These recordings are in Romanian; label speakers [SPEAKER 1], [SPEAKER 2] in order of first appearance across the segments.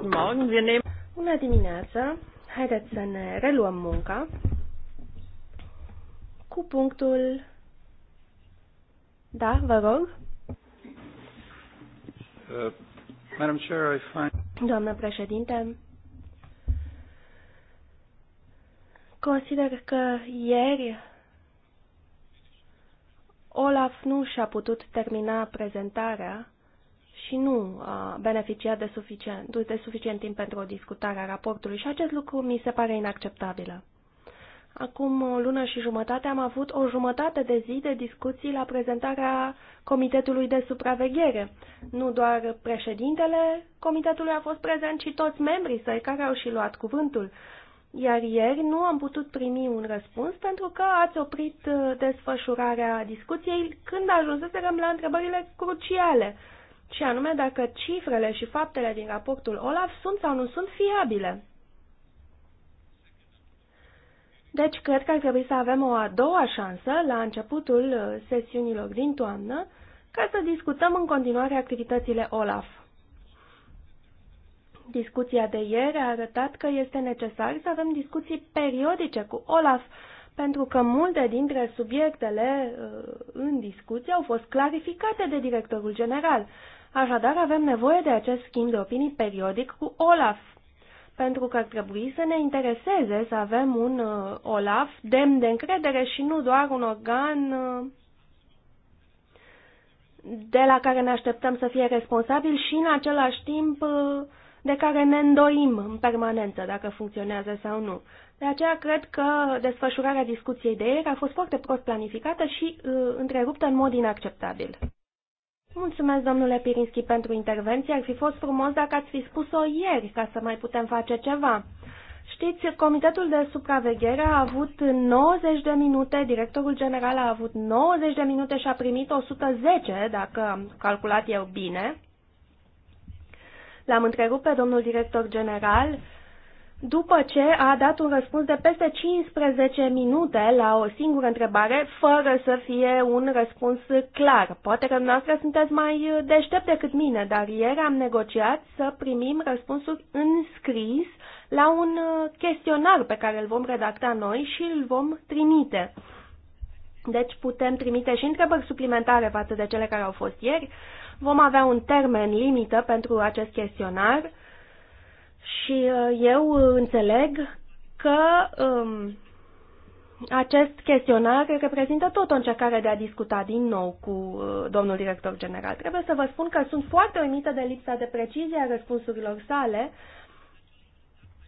[SPEAKER 1] Guten Morgen, wir nehmen...
[SPEAKER 2] Una dimineața! Haideți să ne reluăm munca cu punctul... Da, vă rog?
[SPEAKER 1] Uh, Madam Chair, I find...
[SPEAKER 2] Doamnă președinte, consider că ieri Olaf nu și-a putut termina prezentarea și nu a beneficiat de suficient, de suficient timp pentru o discutare a raportului și acest lucru mi se pare inacceptabilă. Acum o lună și jumătate am avut o jumătate de zi de discuții la prezentarea Comitetului de Supraveghere. Nu doar președintele Comitetului a fost prezent, ci toți membrii săi care au și luat cuvântul. Iar ieri nu am putut primi un răspuns pentru că ați oprit uh, desfășurarea discuției când ajunsesem la întrebările cruciale și anume dacă cifrele și faptele din raportul OLAF sunt sau nu sunt fiabile. Deci, cred că ar trebui să avem o a doua șansă la începutul uh, sesiunilor din toamnă ca să discutăm în continuare activitățile OLAF. Discuția de ieri a arătat că este necesar să avem discuții periodice cu OLAF, pentru că multe dintre subiectele uh, în discuție au fost clarificate de directorul general Așadar, avem nevoie de acest schimb de opinii periodic cu Olaf, pentru că ar trebui să ne intereseze să avem un uh, Olaf demn de încredere și nu doar un organ uh, de la care ne așteptăm să fie responsabil și în același timp uh, de care ne îndoim în permanență dacă funcționează sau nu. De aceea cred că desfășurarea discuției de ieri a fost foarte prost planificată și uh, întreruptă în mod inacceptabil. Mulțumesc, domnule Pirinski, pentru intervenție. Ar fi fost frumos dacă ați fi spus-o ieri, ca să mai putem face ceva. Știți, Comitetul de Supraveghere a avut 90 de minute, directorul general a avut 90 de minute și a primit 110, dacă am calculat eu bine. L-am întrerupt pe domnul director general după ce a dat un răspuns de peste 15 minute la o singură întrebare, fără să fie un răspuns clar. Poate că dumneavoastră sunteți mai deștept decât mine, dar ieri am negociat să primim răspunsuri în scris la un uh, chestionar pe care îl vom redacta noi și îl vom trimite. Deci putem trimite și întrebări suplimentare față de cele care au fost ieri. Vom avea un termen limită pentru acest chestionar și uh, eu uh, înțeleg că um, acest chestionar reprezintă tot o încercare de a discuta din nou cu uh, domnul director general. Trebuie să vă spun că sunt foarte uimită de lipsa de precizie a răspunsurilor sale,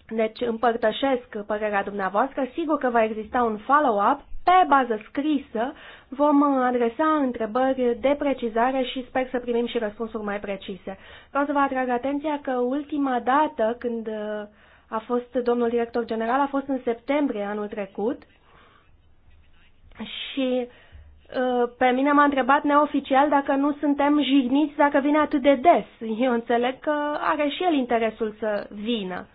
[SPEAKER 2] deci împărtășesc părerea dumneavoastră. Sigur că va exista un follow-up pe bază scrisă vom uh, adresa întrebări de precizare și sper să primim și răspunsuri mai precise. Vreau să vă atrag atenția că ultima dată când uh, a fost domnul director general a fost în septembrie anul trecut și uh, pe mine m-a întrebat neoficial dacă nu suntem jigniți dacă vine atât de des. Eu înțeleg că are și el interesul să vină.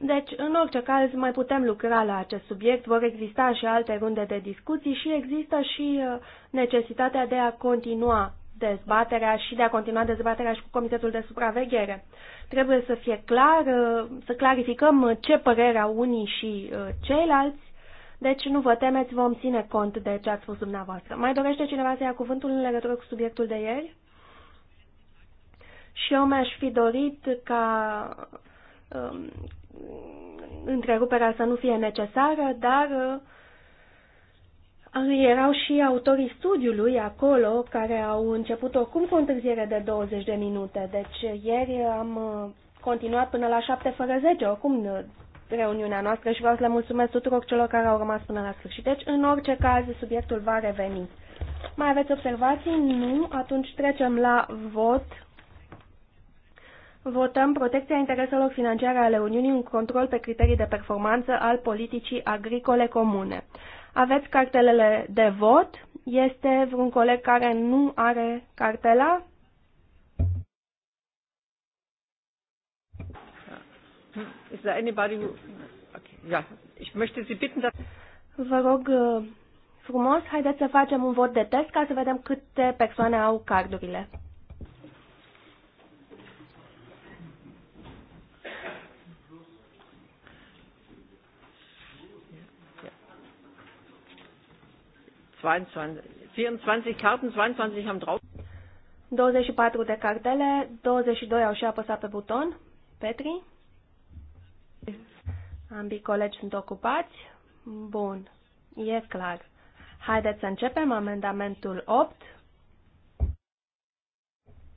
[SPEAKER 2] Deci, în orice caz, mai putem lucra la acest subiect, vor exista și alte runde de discuții și există și uh, necesitatea de a continua dezbaterea și de a continua dezbaterea și cu Comitetul de Supraveghere. Trebuie să fie clar, uh, să clarificăm ce părere au unii și uh, ceilalți, deci nu vă temeți, vom ține cont de ce ați spus dumneavoastră. Mai dorește cineva să ia cuvântul în legătură cu subiectul de ieri? Și eu mi-aș fi dorit ca um, întreruperea să nu fie necesară, dar uh, erau și autorii studiului acolo care au început oricum cu o întârziere de 20 de minute. Deci ieri am uh, continuat până la 7 fără 10, oricum uh, reuniunea noastră și vreau să le mulțumesc tuturor celor care au rămas până la sfârșit. Deci, în orice caz, subiectul va reveni. Mai aveți observații? Nu? Atunci trecem la vot. Votăm protecția intereselor financiare ale Uniunii, un control pe criterii de performanță al politicii agricole comune. Aveți cartelele de vot. Este vreun coleg care nu are cartela?
[SPEAKER 1] Is there anybody who... okay. yeah. Ich möchte Sie bitten, dass...
[SPEAKER 2] Vă rog uh, frumos, haideți să facem un vot de test ca să vedem câte persoane au cardurile.
[SPEAKER 1] 22, 24 Karten, 22 am drauf.
[SPEAKER 2] 24 de cartele, 22 au și apăsat pe buton. Petri? Ambii colegi sunt ocupați? Bun, e clar. Haideți să începem amendamentul
[SPEAKER 1] 8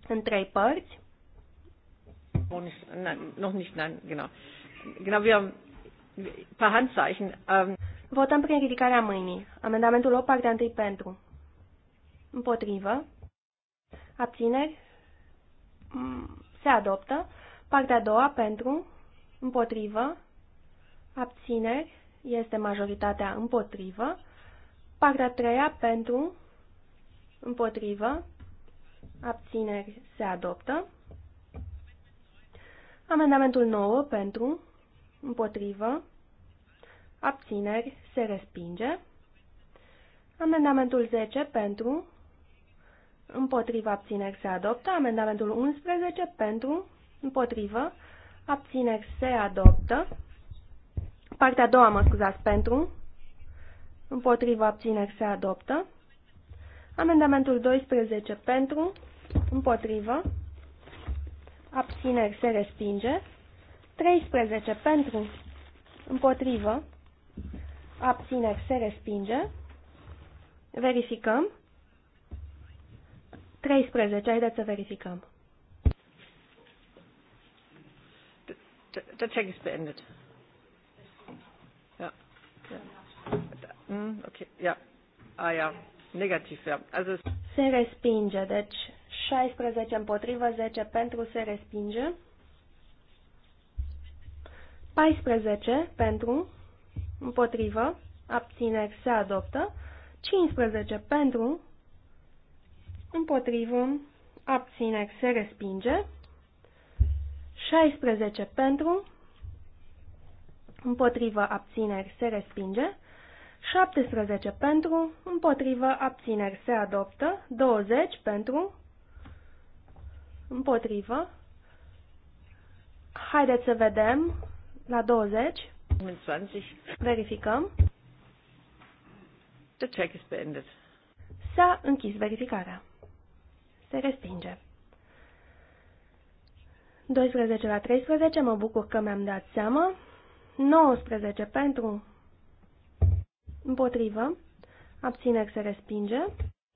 [SPEAKER 1] în trei părți. Nu nu, nu, nu, nu, nu. nu, nu, nu, nu, nu, nu,
[SPEAKER 2] Votăm prin ridicarea mâinii. Amendamentul 8, partea 1 pentru. Împotrivă. Abțineri. Mm, se adoptă. Partea a doua pentru. Împotrivă. Abțineri. Este majoritatea împotrivă. Partea a treia pentru. Împotrivă. Abțineri. Se adoptă. Amendamentul 9 pentru. Împotrivă abțineri, se respinge. Amendamentul 10 pentru, împotriva abțineri se adoptă. Amendamentul 11 pentru, împotrivă, abțineri se adoptă. Partea a doua, mă scuzați, pentru, împotriva abțineri se adoptă. Amendamentul 12 pentru, împotrivă, abțineri se respinge. 13 pentru, împotrivă, abțineri se respinge. Verificăm. 13. Haideți să verificăm.
[SPEAKER 1] Der Check ist beendet. Ja. ja. Mm, okay. Ja. Ah ja. Negativ, ja. Also
[SPEAKER 2] se respinge, deci 16 împotrivă, 10 pentru se respinge. 14 pentru împotrivă, abțineri se adoptă, 15 pentru, împotrivă, abțineri se respinge, 16 pentru, împotrivă, abțineri se respinge, 17 pentru, împotrivă, abțineri se adoptă, 20 pentru, împotrivă. Haideți să vedem la 20. Verificăm.
[SPEAKER 1] The check is beendet.
[SPEAKER 2] S-a închis verificarea. Se respinge. 12 la 13, mă bucur că mi-am dat seama. 19 pentru împotrivă, abțineri se respinge.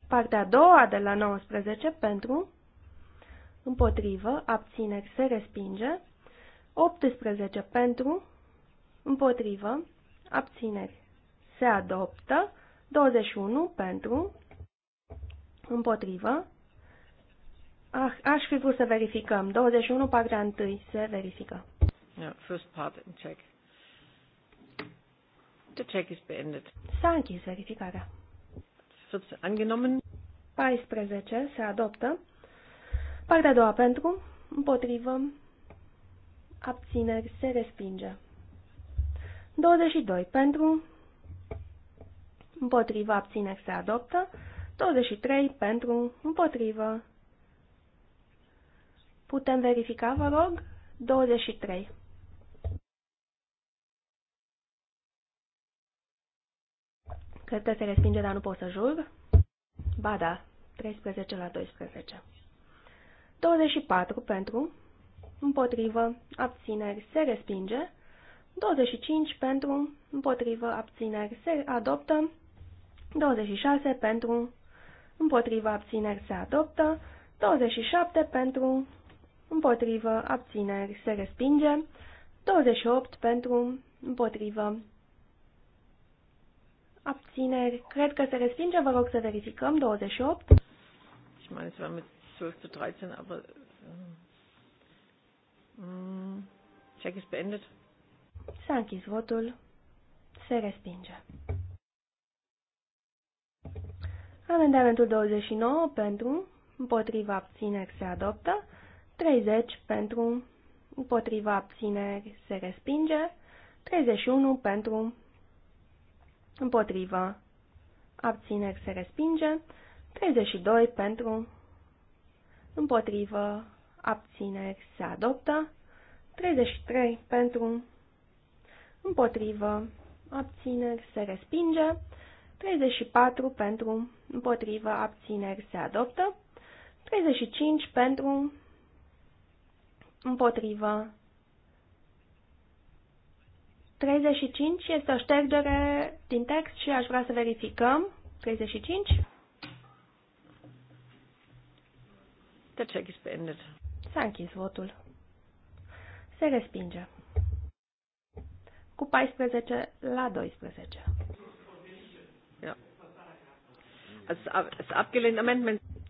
[SPEAKER 2] Partea a doua de la 19 pentru împotrivă, abțineri se respinge. 18 pentru împotrivă, abțineri. Se adoptă 21 pentru, împotrivă. Ah, aș fi vrut să verificăm. 21, partea 1, se verifică.
[SPEAKER 1] Yeah, first part in check. The check is beendet.
[SPEAKER 2] S-a închis verificarea.
[SPEAKER 1] 14. Angenommen.
[SPEAKER 2] 14. Se adoptă. Partea a doua pentru, împotrivă, abțineri, se respinge. 22 pentru, împotriva abțineri se adoptă, 23 pentru, împotrivă. Putem verifica, vă rog? 23. Cred că se respinge, dar nu pot să jur. Ba da, 13 la 12. 24 pentru, împotrivă, abțineri, se respinge. 25 pentru, împotrivă, abțineri se adoptă. 26 pentru, împotrivă, abțineri se adoptă. 27 pentru, împotrivă, abțineri se respinge. 28 pentru, împotrivă, abțineri. Cred că se respinge, vă rog să verificăm. 28.
[SPEAKER 1] Ich meine, es war mit 12 zu 13, aber... Ähm, hm, check ist beendet.
[SPEAKER 2] S-a închis votul. Se respinge. Amendamentul 29 pentru, împotriva abțineri se adoptă, 30 pentru, împotriva abțineri se respinge, 31 pentru, împotriva abțineri se respinge, 32 pentru, împotriva abțineri se adoptă, 33 pentru, împotrivă, abțineri, se respinge. 34 pentru, împotrivă, abțineri, se adoptă. 35 pentru, împotrivă. 35 este o ștergere din text și aș vrea să verificăm. 35. Der check is beendet. S-a închis votul. Se respinge cu 14 la 12.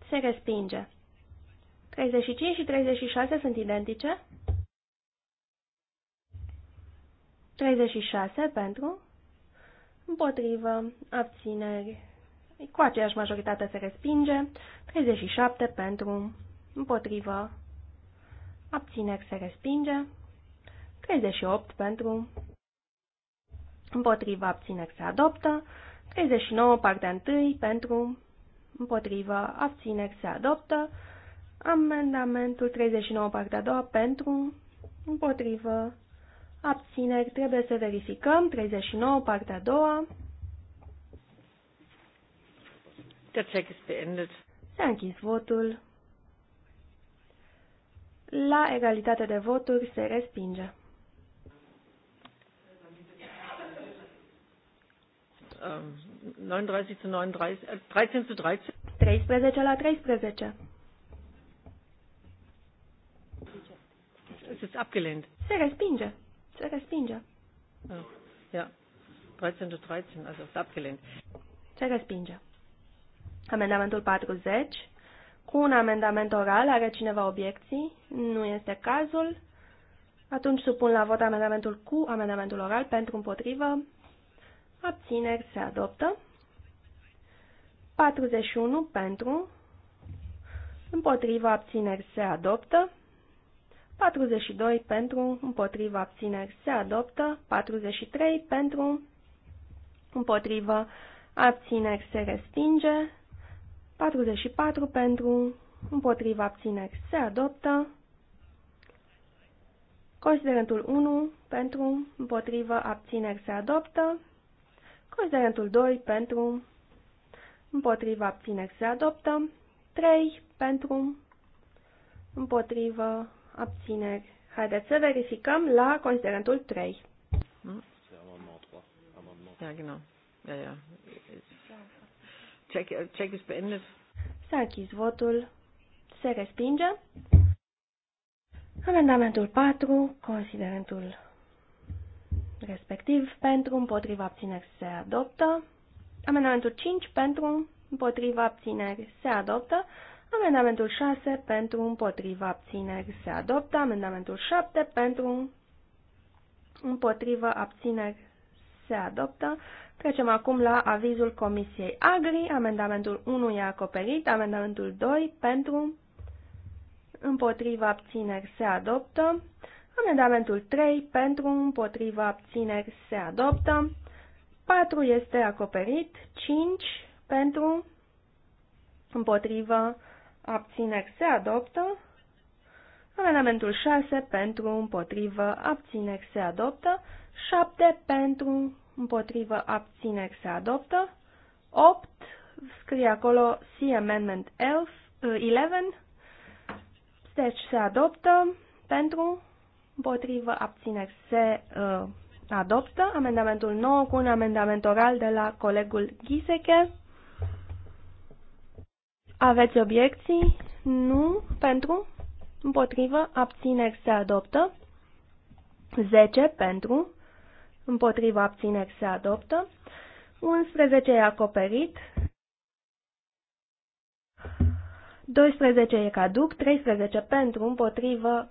[SPEAKER 2] Se respinge. 35 și 36 sunt identice? 36 pentru, împotrivă, abțineri, cu aceeași majoritate se respinge, 37 pentru, împotrivă, abțineri se respinge, 38 pentru, împotriva abține se adoptă, 39 partea 1 pentru împotriva abține se adoptă, amendamentul 39 partea 2 pentru împotrivă abțineri trebuie să verificăm, 39 partea 2
[SPEAKER 1] Der check ist beendet.
[SPEAKER 2] S-a închis votul. La egalitate de voturi se respinge.
[SPEAKER 1] 39 ähm, zu 39, 13 äh, zu 13.
[SPEAKER 2] 13 la 13.
[SPEAKER 1] Es ist abgelehnt.
[SPEAKER 2] Se respinge. Se respinge.
[SPEAKER 1] Oh, ja. ja. 13 zu 13, also ist abgelehnt.
[SPEAKER 2] Se respinge. Amendamentul 40. Cu un amendament oral are cineva obiecții? Nu este cazul. Atunci supun la vot amendamentul cu amendamentul oral pentru împotrivă, abțineri se adoptă. 41 pentru, împotriva abțineri se adoptă. 42 pentru, împotriva abțineri se adoptă. 43 pentru, împotriva abțineri se respinge. 44 pentru, împotriva abțineri se adoptă. Considerentul 1 pentru, împotrivă, abțineri se adoptă. Considerentul 2 pentru, împotriva abțineri se adoptă. 3 pentru, împotriva abțineri. Haideți să verificăm la considerentul 3. S-a închis votul. Se respinge. Amendamentul 4, considerentul respectiv pentru, împotriva abțineri se adoptă. Amendamentul 5 pentru, împotriva abțineri se adoptă. Amendamentul 6 pentru, împotriva abțineri se adoptă. Amendamentul 7 pentru, împotriva abțineri se adoptă. Trecem acum la avizul Comisiei Agri. Amendamentul 1 e acoperit. Amendamentul 2 pentru, împotriva abțineri se adoptă. Amendamentul 3 pentru împotriva abțineri se adoptă. 4 este acoperit. 5 pentru împotriva abțineri se adoptă. Amendamentul 6 pentru împotriva, abțineri se adoptă. 7 pentru împotriva, abțineri se adoptă. 8 scrie acolo see amendment 11 uh, deci se adoptă pentru împotrivă, abțineri, se uh, adoptă. Amendamentul 9 cu un amendament oral de la colegul Ghiseche. Aveți obiecții? Nu. Pentru? Împotrivă, abțineri, se adoptă. 10 pentru, împotrivă, abțineri, se adoptă. 11 e acoperit, 12 e caduc, 13 pentru, împotrivă,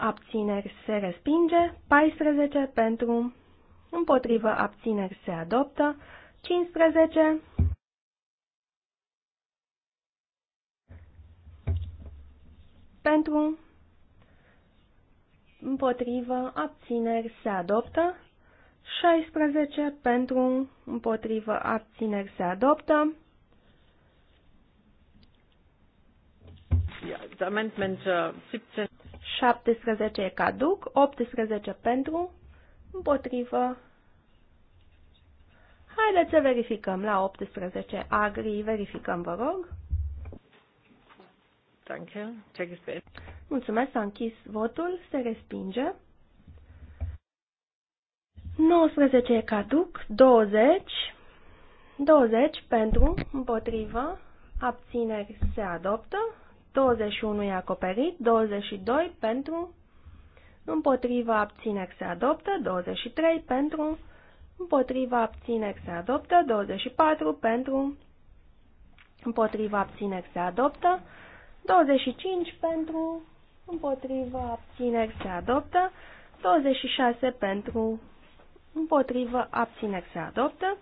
[SPEAKER 2] abțineri se respinge, 14 pentru, împotrivă abțineri se adoptă, 15 pentru, împotrivă abțineri se adoptă, 16 pentru, împotrivă abțineri se adoptă,
[SPEAKER 1] Amendment 17. Uh,
[SPEAKER 2] 17 caduc, 18 pentru, împotrivă. Haideți să verificăm la 18 agri, verificăm, vă rog. Mulțumesc, s-a închis votul, se respinge. 19 e caduc, 20, 20 pentru, împotrivă, abțineri se adoptă, 21 e acoperit, 22 pentru, împotriva abțineri se adoptă, 23 pentru, împotriva abțineri se adoptă, 24 pentru, împotriva abțineri se adoptă, 25 pentru, împotriva abțineri se adoptă, 26 pentru, împotriva abțineri se adoptă,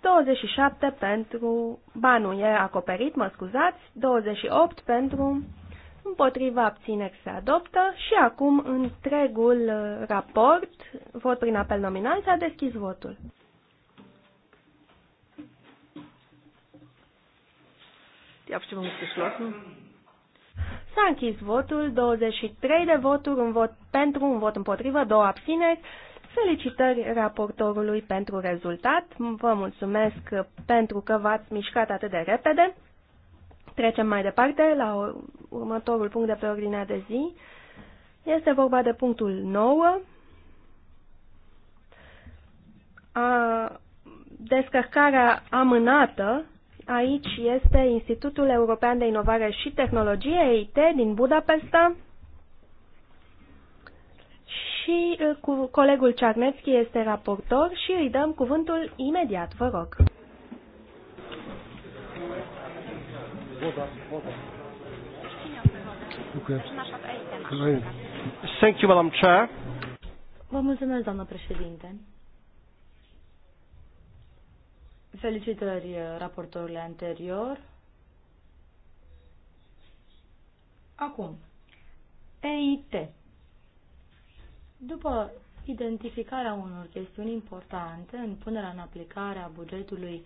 [SPEAKER 2] 27 pentru, ba nu, e acoperit, mă scuzați, 28 pentru, împotriva abțineri se adoptă și acum întregul uh, raport, vot prin apel nominal, s-a deschis votul. S-a închis votul, 23 de voturi, un vot pentru, un vot împotrivă, două abțineri. Felicitări raportorului pentru rezultat. Vă mulțumesc pentru că v-ați mișcat atât de repede. Trecem mai departe la următorul punct de pe ordinea de zi. Este vorba de punctul 9. A, descărcarea amânată. Aici este Institutul European de Inovare și Tehnologie, EIT, din Budapesta și cu colegul Cernețchi este raportor și îi dăm cuvântul imediat, vă rog.
[SPEAKER 1] Thank you, Madam Chair.
[SPEAKER 3] Vă mulțumesc, doamnă președinte. Felicitări raportorului anterior. Acum, EIT după identificarea unor chestiuni importante în punerea în aplicare a bugetului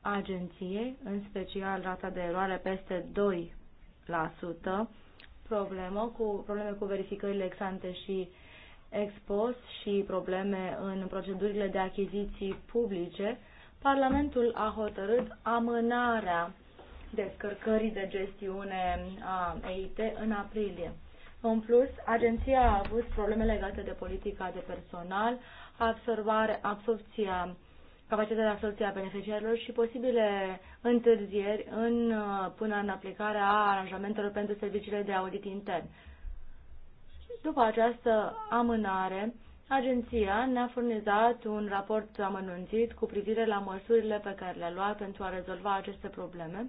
[SPEAKER 3] agenției, în special rata de eroare peste 2%, problemă cu, probleme cu verificările exante și expos și probleme în procedurile de achiziții publice, Parlamentul a hotărât amânarea descărcării de gestiune a EIT în aprilie. În plus, agenția a avut probleme legate de politica de personal, absorbare, absorpția, capacitatea de absorpție a beneficiarilor și posibile întârzieri în, uh, până în aplicarea aranjamentelor pentru serviciile de audit intern. După această amânare, agenția ne-a furnizat un raport amănunțit cu privire la măsurile pe care le-a luat pentru a rezolva aceste probleme,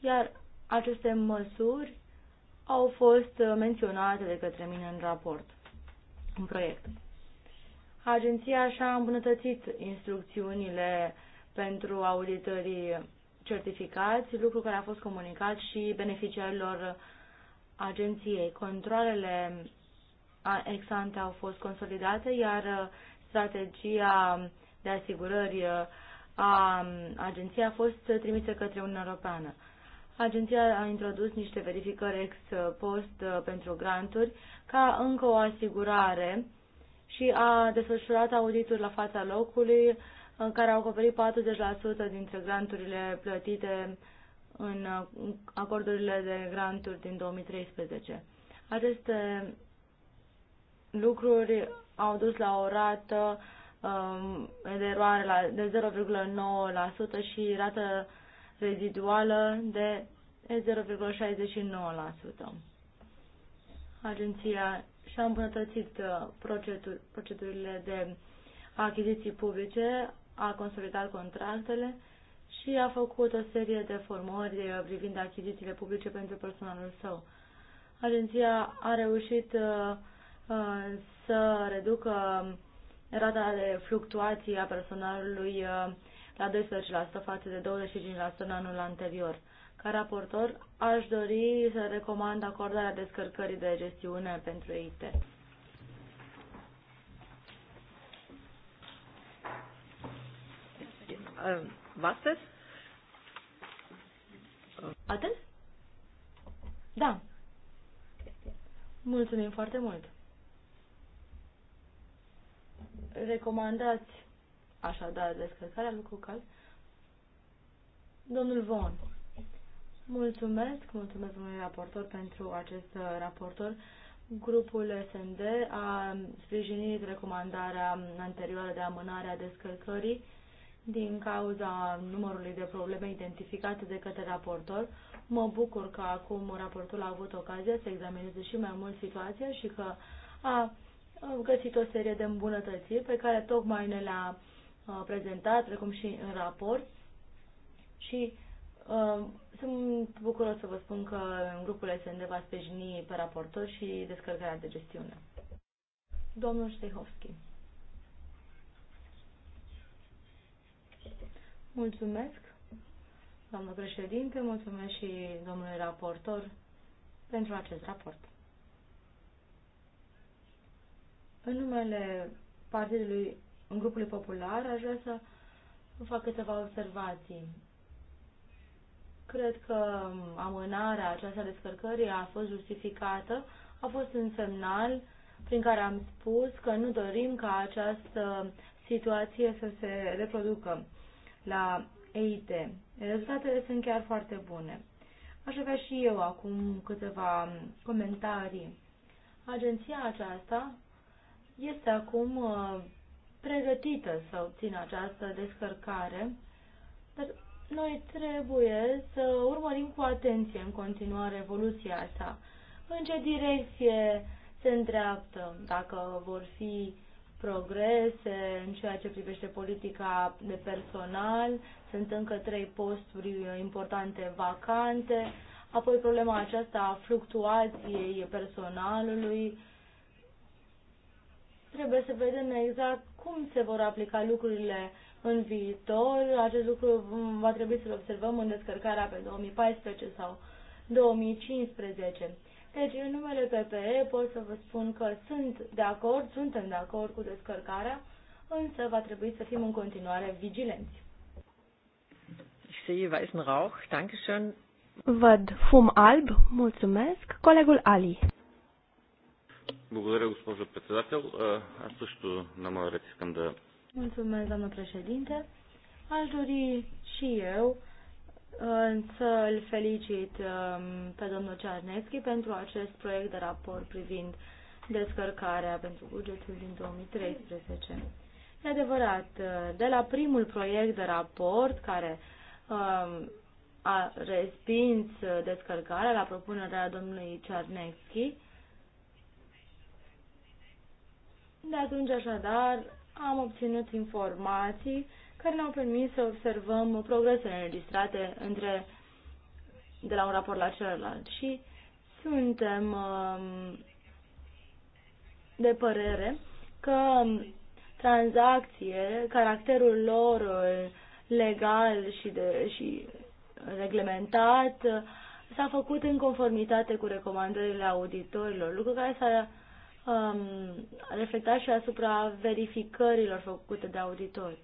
[SPEAKER 3] iar aceste măsuri au fost uh, menționate de către mine în raport, în proiect. Agenția și-a îmbunătățit instrucțiunile pentru auditorii certificați, lucru care a fost comunicat și beneficiarilor agenției. Controlele exante au fost consolidate, iar uh, strategia de asigurări uh, a um, agenției a fost trimisă către Uniunea Europeană agenția a introdus niște verificări ex post uh, pentru granturi ca încă o asigurare și a desfășurat audituri la fața locului în care au acoperit 40% dintre granturile plătite în uh, acordurile de granturi din 2013. Aceste lucruri au dus la o rată um, de eroare la, de 0,9% și rată reziduală de 0,69%. Agenția și-a îmbunătățit uh, procedurile de achiziții publice, a consolidat contractele și a făcut o serie de formări uh, privind achizițiile publice pentru personalul său. Agenția a reușit uh, să reducă rata de fluctuații a personalului la 12% față de 25% în anul anterior. Ca raportor, aș dori să recomand acordarea descărcării de gestiune
[SPEAKER 1] pentru EIT. Vastes? Atât? Da.
[SPEAKER 3] Mulțumim foarte mult. Recomandați Așadar, descărcarea lui Cucal. Domnul Von. Mulțumesc, mulțumesc domnului raportor pentru acest raportor. Grupul SND a sprijinit recomandarea anterioară de amânare a descărcării din cauza numărului de probleme identificate de către raportor. Mă bucur că acum raportul a avut ocazia să examineze și mai mult situația și că a găsit o serie de îmbunătățiri pe care tocmai ne le-a Uh, prezentat, precum și în raport. Și uh, sunt bucuros să vă spun că în grupul SND va sprijini pe raportor și descărcarea de gestiune. Domnul Ștehovski. Mulțumesc, doamnă președinte, mulțumesc și domnului raportor pentru acest raport. În numele Partidului în grupului popular, aș vrea să fac câteva observații. Cred că amânarea aceasta descărcării a fost justificată, a fost un semnal prin care am spus că nu dorim ca această situație să se reproducă la EIT. Rezultatele sunt chiar foarte bune. Aș avea și eu acum câteva comentarii. Agenția aceasta este acum uh, pregătită să obțină această descărcare, dar noi trebuie să urmărim cu atenție în continuare evoluția sa. În ce direcție se îndreaptă, dacă vor fi progrese în ceea ce privește politica de personal, sunt încă trei posturi importante vacante, apoi problema aceasta a fluctuației personalului. Trebuie să vedem exact cum se vor aplica lucrurile în viitor. Acest lucru va trebui să-l observăm în descărcarea pe 2014 sau 2015. Deci, în numele PPE pot să vă spun că sunt de acord, suntem de acord cu descărcarea, însă va trebui să fim în continuare vigilenți.
[SPEAKER 1] Ich sehe weißen Rauch. Dankeschön.
[SPEAKER 2] Văd fum alb. Mulțumesc. Colegul Ali.
[SPEAKER 4] Благодаря, госпожо председател. Аз също на моя ред искам да...
[SPEAKER 3] Mulțumesc, doamnă președinte. Aș dori și eu să îl felicit pe domnul Cearnetski pentru acest proiect de raport privind descărcarea pentru bugetul din 2013. E adevărat, de la primul proiect de raport care a respins descărcarea la propunerea domnului Cearnetski, De atunci, așadar, am obținut informații care ne-au permis să observăm progresele înregistrate între, de la un raport la celălalt și suntem um, de părere că tranzacție, caracterul lor uh, legal și, de, și reglementat s-a făcut în conformitate cu recomandările auditorilor, lucru care s-a um, reflecta și asupra verificărilor făcute de auditori.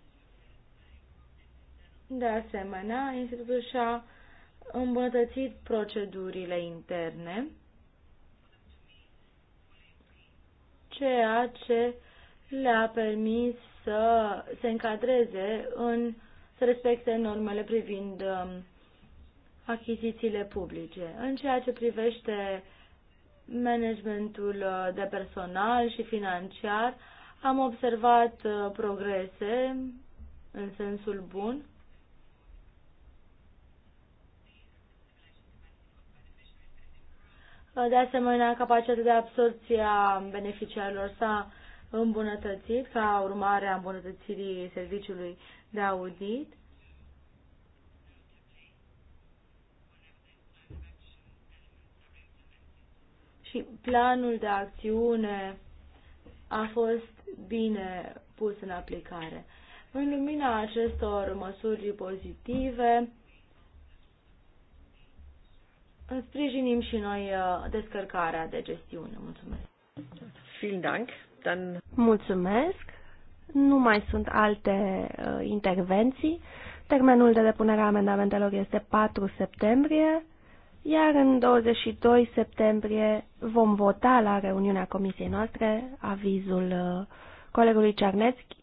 [SPEAKER 3] De asemenea, institutul și-a îmbunătățit procedurile interne, ceea ce le-a permis să se încadreze în să respecte normele privind um, achizițiile publice. În ceea ce privește managementul uh, de personal și financiar, am observat uh, progrese în sensul bun. Uh, de asemenea, capacitatea de absorție a beneficiarilor s-a îmbunătățit ca urmare a îmbunătățirii serviciului de audit. și planul de acțiune a fost bine pus în aplicare. În lumina acestor măsuri pozitive, sprijinim și noi uh, descărcarea de gestiune.
[SPEAKER 1] Mulțumesc.
[SPEAKER 2] Mulțumesc. Nu mai sunt alte uh, intervenții. Termenul de depunere a amendamentelor este 4 septembrie iar în 22 septembrie vom vota la reuniunea comisiei noastre avizul uh, colegului Cernețchi.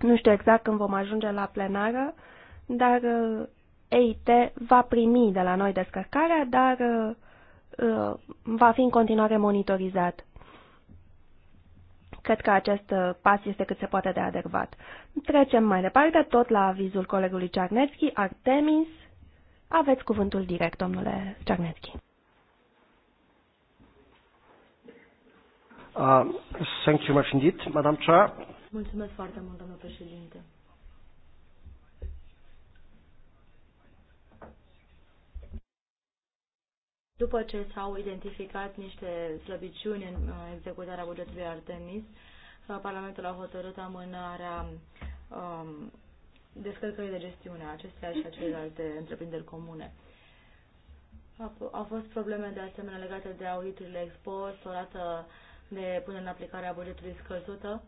[SPEAKER 2] Nu știu exact când vom ajunge la plenară, dar uh, EIT va primi de la noi descărcarea, dar uh, va fi în continuare monitorizat. Cred că acest pas este cât se poate de adervat. Trecem mai departe, tot la avizul colegului Cernețchi, Artemis, aveți cuvântul direct, domnule
[SPEAKER 1] Czarnecki. Uh, thank you much indeed, Madam Chair.
[SPEAKER 3] Mulțumesc foarte mult, domnule președinte. După ce s-au identificat niște slăbiciuni în uh, executarea bugetului Artemis, uh, Parlamentul a hotărât amânarea um, descărcării de gestiune a acestea și a celelalte întreprinderi comune. Au fost probleme de asemenea legate de auditurile export, o rată de până în aplicarea bugetului scăzută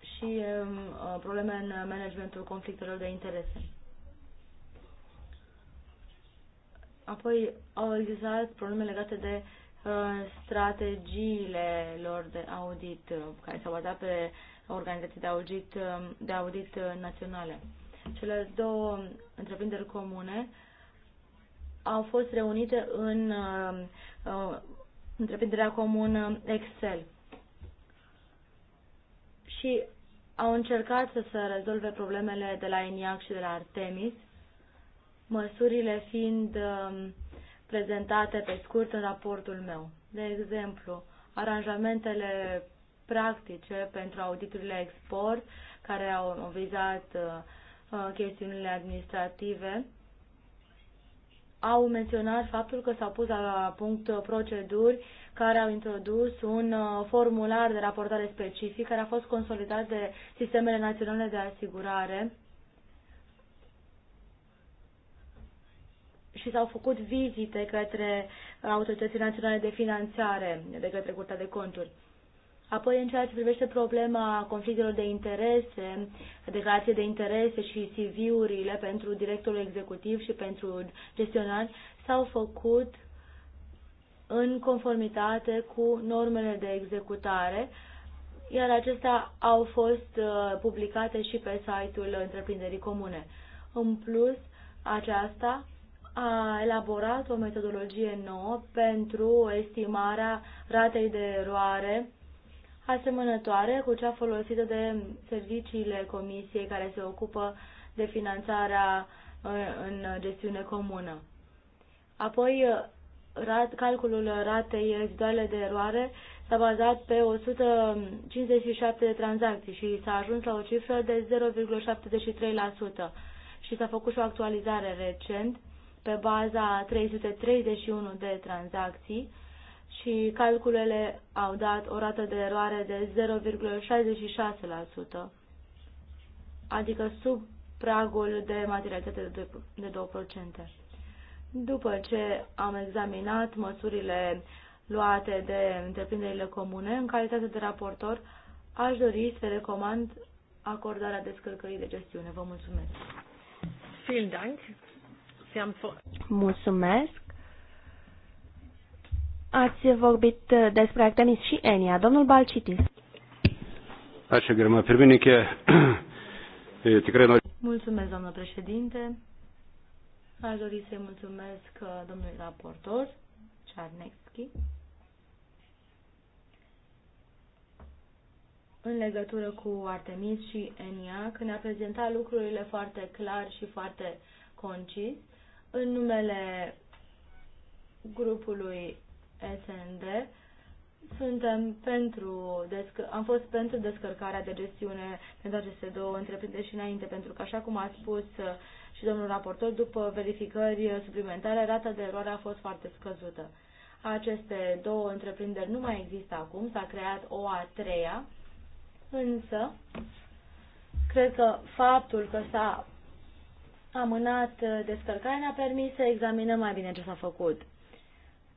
[SPEAKER 3] și um, uh, probleme în managementul conflictelor de interese. Apoi au existat probleme legate de uh, strategiile lor de audit, uh, care s-au bazat pe uh, organizații de audit, de audit naționale. Cele două întreprinderi comune au fost reunite în uh, întreprinderea comună Excel și au încercat să se rezolve problemele de la ENIAC și de la Artemis, măsurile fiind uh, prezentate pe scurt în raportul meu. De exemplu, aranjamentele practice pentru auditurile export, care au vizat uh, uh, chestiunile administrative, au menționat faptul că s-au pus la punct proceduri care au introdus un uh, formular de raportare specific care a fost consolidat de sistemele naționale de asigurare și s-au făcut vizite către autoritățile naționale de finanțare, de către Curtea de Conturi. Apoi, în ceea ce privește problema conflictelor de interese, declarație de interese și CV-urile pentru directorul executiv și pentru gestionari, s-au făcut în conformitate cu normele de executare, iar acestea au fost uh, publicate și pe site-ul întreprinderii comune. În plus, aceasta a elaborat o metodologie nouă pentru estimarea ratei de eroare asemănătoare cu cea folosită de serviciile comisiei care se ocupă de finanțarea uh, în gestiune comună. Apoi, uh, rat, calculul ratei reziduale de eroare s-a bazat pe 157 de tranzacții și s-a ajuns la o cifră de 0,73% și s-a făcut și o actualizare recent pe baza 331 de tranzacții și calculele au dat o rată de eroare de 0,66%, adică sub pragul de materialitate de 2%. După ce am examinat măsurile luate de întreprinderile comune, în calitate de raportor, aș dori să recomand acordarea descărcării de gestiune. Vă mulțumesc!
[SPEAKER 2] Mulțumesc! Ați vorbit uh, despre Artemis și Enia. Domnul Balcitis. Așa, grămă, pirminiche.
[SPEAKER 3] Mulțumesc, domnul președinte. Aș dori să-i mulțumesc uh, domnului raportor, Czarnecki, în legătură cu Artemis și ENIAC, ne-a prezentat lucrurile foarte clar și foarte concis. În numele grupului SND, suntem pentru, am fost pentru descărcarea de gestiune pentru aceste două întreprinderi și înainte, pentru că, așa cum a spus uh, și domnul raportor, după verificări suplimentare, rata de eroare a fost foarte scăzută. Aceste două întreprinderi nu mai există acum, s-a creat o a treia, însă cred că faptul că s-a amânat uh, descărcarea ne-a permis să examinăm mai bine ce s-a făcut.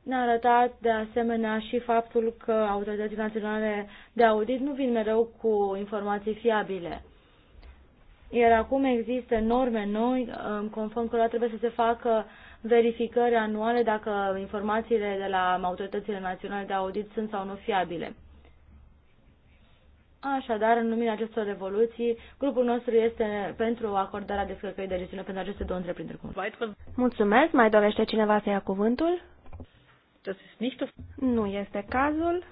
[SPEAKER 3] Ne-a arătat de asemenea și faptul că autoritățile naționale de audit nu vin mereu cu informații fiabile. Iar acum există norme noi, conform cărora trebuie să se facă verificări anuale dacă informațiile de la autoritățile naționale de audit sunt sau nu fiabile. Așadar, în lumina acestor revoluții, grupul nostru este pentru acordarea descărcării de gestiune pentru aceste două întreprinderi.
[SPEAKER 2] Mulțumesc. Mai dorește cineva să ia cuvântul?
[SPEAKER 1] Das ist nicht das
[SPEAKER 2] nu este cazul.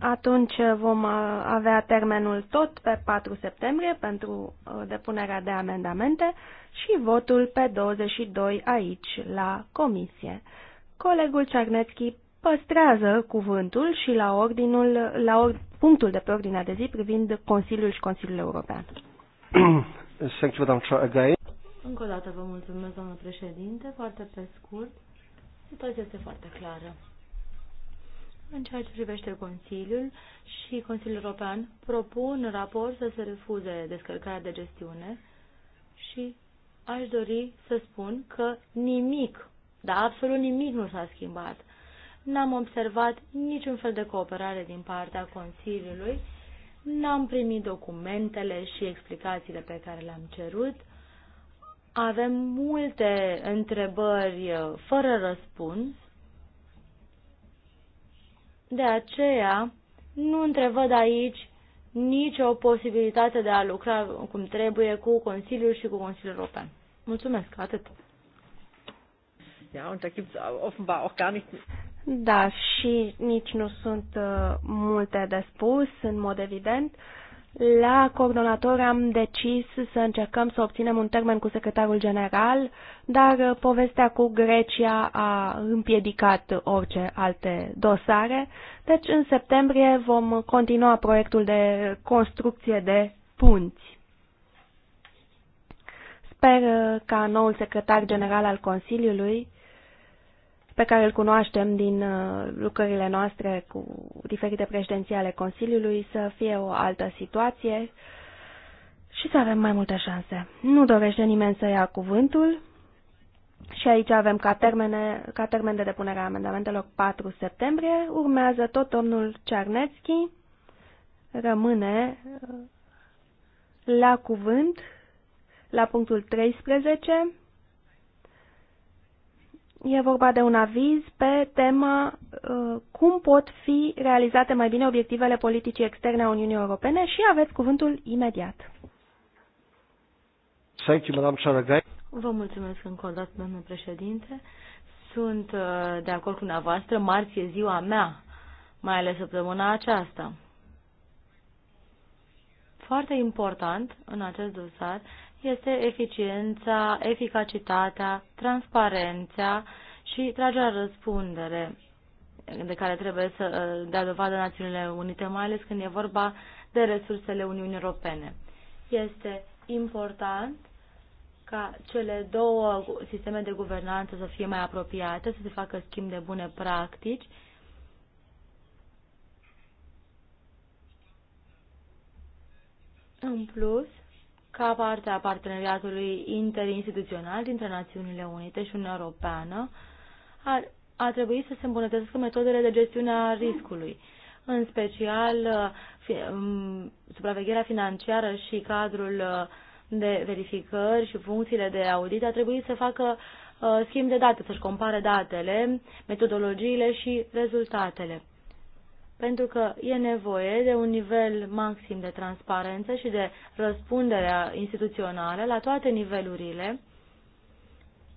[SPEAKER 2] Atunci vom uh, avea termenul tot pe 4 septembrie pentru uh, depunerea de amendamente și votul pe 22 aici, la comisie. Colegul Cernetski păstrează cuvântul și la, ordinul, la or, punctul de pe ordinea de zi privind Consiliul și Consiliul European.
[SPEAKER 1] Thank you,
[SPEAKER 3] încă o dată vă mulțumesc, doamnă președinte, foarte pe scurt. Situația este foarte clară. În ceea ce privește Consiliul și Consiliul European, propun raport să se refuze descărcarea de gestiune și aș dori să spun că nimic, dar absolut nimic nu s-a schimbat. N-am observat niciun fel de cooperare din partea Consiliului, n-am primit documentele și explicațiile pe care le-am cerut, avem multe întrebări uh, fără răspuns, de aceea nu întrevăd aici nicio posibilitate de a lucra cum trebuie cu Consiliul și cu Consiliul European. Mulțumesc, atât.
[SPEAKER 1] Ja, und da gibt's offenbar auch gar nicht
[SPEAKER 2] da, și nici nu sunt uh, multe de spus, în mod evident. La coordonator am decis să încercăm să obținem un termen cu secretarul general, dar povestea cu Grecia a împiedicat orice alte dosare, deci în septembrie vom continua proiectul de construcție de punți. Sper ca noul secretar general al Consiliului pe care îl cunoaștem din uh, lucrările noastre cu diferite președinții ale Consiliului să fie o altă situație și să avem mai multe șanse. Nu dorește nimeni să ia cuvântul și aici avem ca, termene, ca termen de depunere a amendamentelor 4 septembrie. Urmează tot domnul Cernețchi, rămâne uh, la cuvânt la punctul 13 E vorba de un aviz pe tema uh, cum pot fi realizate mai bine obiectivele politicii externe a Uniunii Europene și aveți cuvântul imediat.
[SPEAKER 1] Thank you, Madam
[SPEAKER 3] Vă mulțumesc încă o dată, domnule președinte. Sunt uh, de acord cu dumneavoastră. Marți e ziua mea, mai ales săptămâna aceasta. Foarte important în acest dosar este eficiența, eficacitatea, transparența și tragerea răspundere de care trebuie să ă, dea dovadă Națiunile Unite, mai ales când e vorba de resursele Uniunii Europene. Este important ca cele două sisteme de guvernanță să fie mai apropiate, să se facă schimb de bune practici În plus, ca parte a parteneriatului interinstituțional dintre Națiunile Unite și Uniunea Europeană, ar, ar trebui să se îmbunătățească metodele de gestiune a riscului, în special uh, fi, um, supravegherea financiară și cadrul uh, de verificări și funcțiile de audit ar trebui să facă uh, schimb de date, să-și compare datele, metodologiile și rezultatele pentru că e nevoie de un nivel maxim de transparență și de răspundere instituțională la toate nivelurile,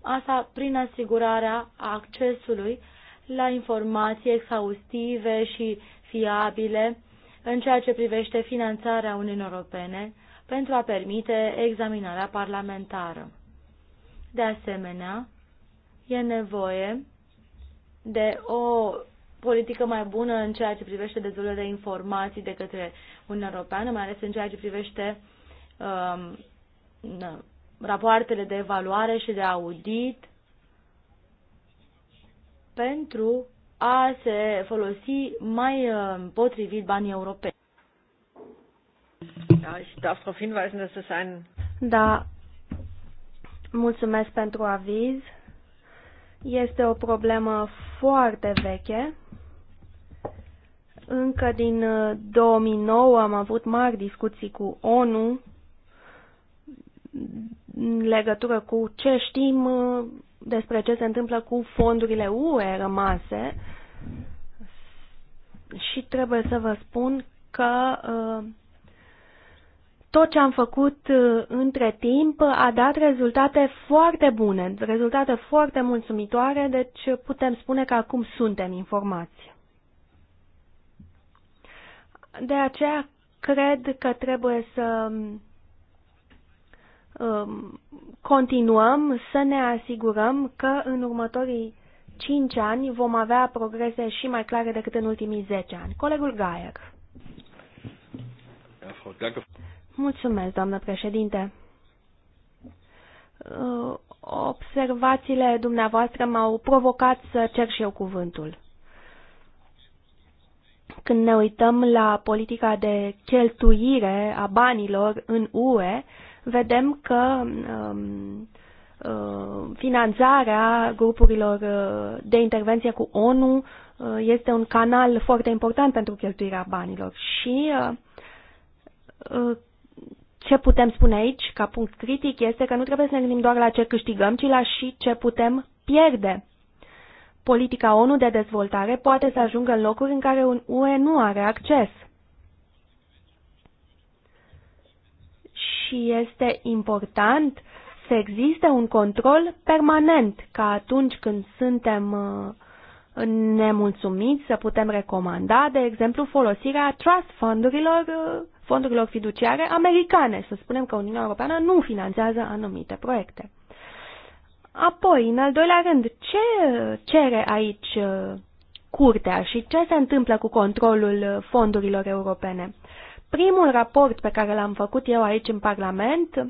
[SPEAKER 3] asta prin asigurarea accesului la informații exhaustive și fiabile în ceea ce privește finanțarea Uniunii Europene pentru a permite examinarea parlamentară. De asemenea, e nevoie de o politică mai bună în ceea ce privește dezvoltarea de informații de către Uniunea Europeană, mai ales în ceea ce privește um, rapoartele de evaluare și de audit pentru a se folosi mai um, potrivit banii europeni.
[SPEAKER 1] Da, ich darf darauf hinweisen, dass es ein
[SPEAKER 2] Da. Mulțumesc pentru aviz. Este o problemă foarte veche încă din 2009 uh, am avut mari discuții cu ONU în legătură cu ce știm uh, despre ce se întâmplă cu fondurile UE rămase și trebuie să vă spun că uh, tot ce am făcut între timp a dat rezultate foarte bune, rezultate foarte mulțumitoare, deci putem spune că acum suntem informați. De aceea cred că trebuie să um, continuăm să ne asigurăm că în următorii 5 ani vom avea progrese și mai clare decât în ultimii 10 ani. Colegul Gaier. Mulțumesc, doamnă președinte. Uh, observațiile dumneavoastră m-au provocat să cer și eu cuvântul când ne uităm la politica de cheltuire a banilor în UE, vedem că um, uh, finanțarea grupurilor uh, de intervenție cu ONU uh, este un canal foarte important pentru cheltuirea banilor. Și ce putem spune aici, ca punct critic, este că nu trebuie să ne gândim doar la ce câștigăm, ci la și ce putem pierde. Politica ONU de dezvoltare poate să ajungă în locuri în care un UE nu are acces. Și este important să existe un control permanent, ca atunci când suntem uh, nemulțumiți să putem recomanda, de exemplu, folosirea trust fundurilor, uh, fondurilor fiduciare americane. Să spunem că Uniunea Europeană nu finanțează anumite proiecte. Apoi, în al doilea rând, ce cere aici uh, curtea și ce se întâmplă cu controlul uh, fondurilor europene? Primul raport pe care l-am făcut eu aici în Parlament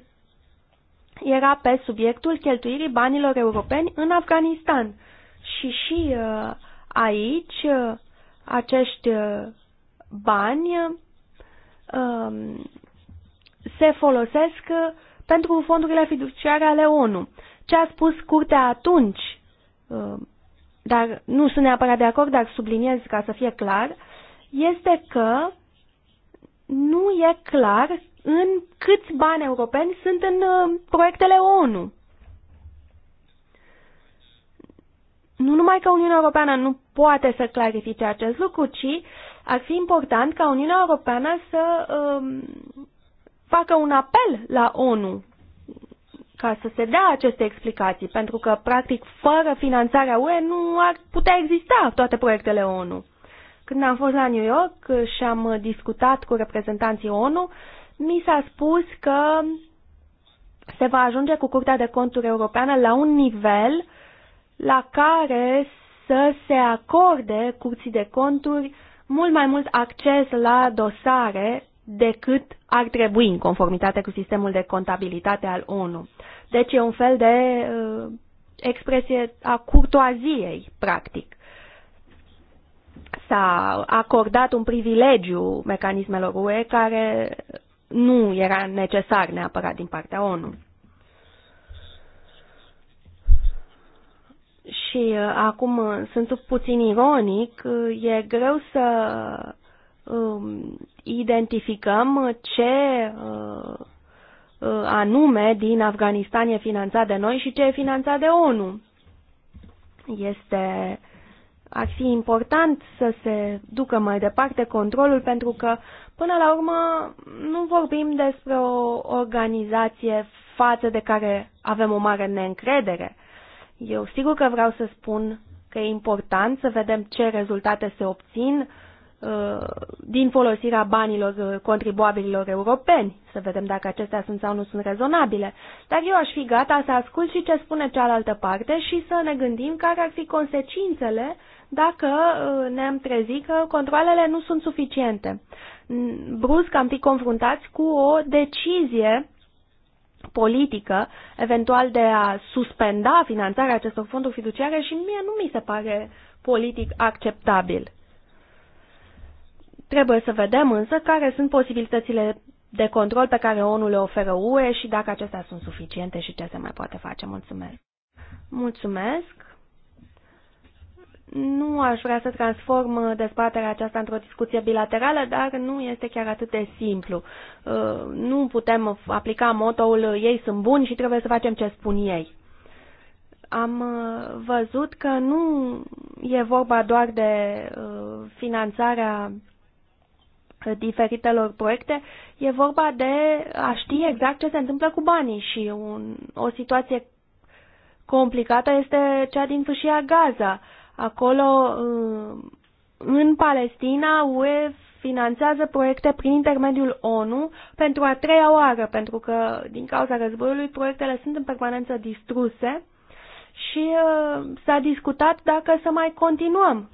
[SPEAKER 2] era pe subiectul cheltuirii banilor europeni în Afganistan. Și și uh, aici acești bani um, se folosesc pentru fondurile fiduciare ale ONU ce a spus curtea atunci, uh, dar nu sunt neapărat de acord, dar subliniez ca să fie clar, este că nu e clar în câți bani europeni sunt în uh, proiectele ONU. Nu numai că Uniunea Europeană nu poate să clarifice acest lucru, ci ar fi important ca Uniunea Europeană să um, facă un apel la ONU ca să se dea aceste explicații, pentru că, practic, fără finanțarea UE nu ar putea exista toate proiectele ONU. Când am fost la New York și am discutat cu reprezentanții ONU, mi s-a spus că se va ajunge cu Curtea de Conturi Europeană la un nivel la care să se acorde Curții de Conturi mult mai mult acces la dosare decât ar trebui în conformitate cu sistemul de contabilitate al ONU. Deci e un fel de uh, expresie a curtoaziei, practic. S-a acordat un privilegiu mecanismelor UE care nu era necesar neapărat din partea ONU. Și uh, acum sunt puțin ironic, uh, e greu să Um, identificăm ce uh, uh, anume din Afganistan e finanțat de noi și ce e finanțat de ONU. Este ar fi important să se ducă mai departe controlul pentru că până la urmă nu vorbim despre o organizație față de care avem o mare neîncredere. Eu sigur că vreau să spun că e important să vedem ce rezultate se obțin Uh, din folosirea banilor uh, contribuabililor europeni, să vedem dacă acestea sunt sau nu sunt rezonabile. Dar eu aș fi gata să ascult și ce spune cealaltă parte și să ne gândim care ar fi consecințele dacă uh, ne-am trezit că controlele nu sunt suficiente. Mm, brusc am fi confruntați cu o decizie politică, eventual de a suspenda finanțarea acestor fonduri fiduciare și mie nu mi se pare politic acceptabil. Trebuie să vedem însă care sunt posibilitățile de control pe care ONU le oferă UE și dacă acestea sunt suficiente și ce se mai poate face. Mulțumesc! Mulțumesc! Nu aș vrea să transform uh, dezbaterea aceasta într-o discuție bilaterală, dar nu este chiar atât de simplu. Uh, nu putem aplica motoul uh, ei sunt buni și trebuie să facem ce spun ei. Am văzut că nu e vorba doar de finanțarea diferitelor proiecte, e vorba de a ști exact ce se întâmplă cu banii și un, o situație complicată este cea din fâșia Gaza. Acolo, uh, în Palestina, UE finanțează proiecte prin intermediul ONU pentru a treia oară, pentru că din cauza războiului proiectele sunt în permanență distruse și uh, s-a discutat dacă să mai continuăm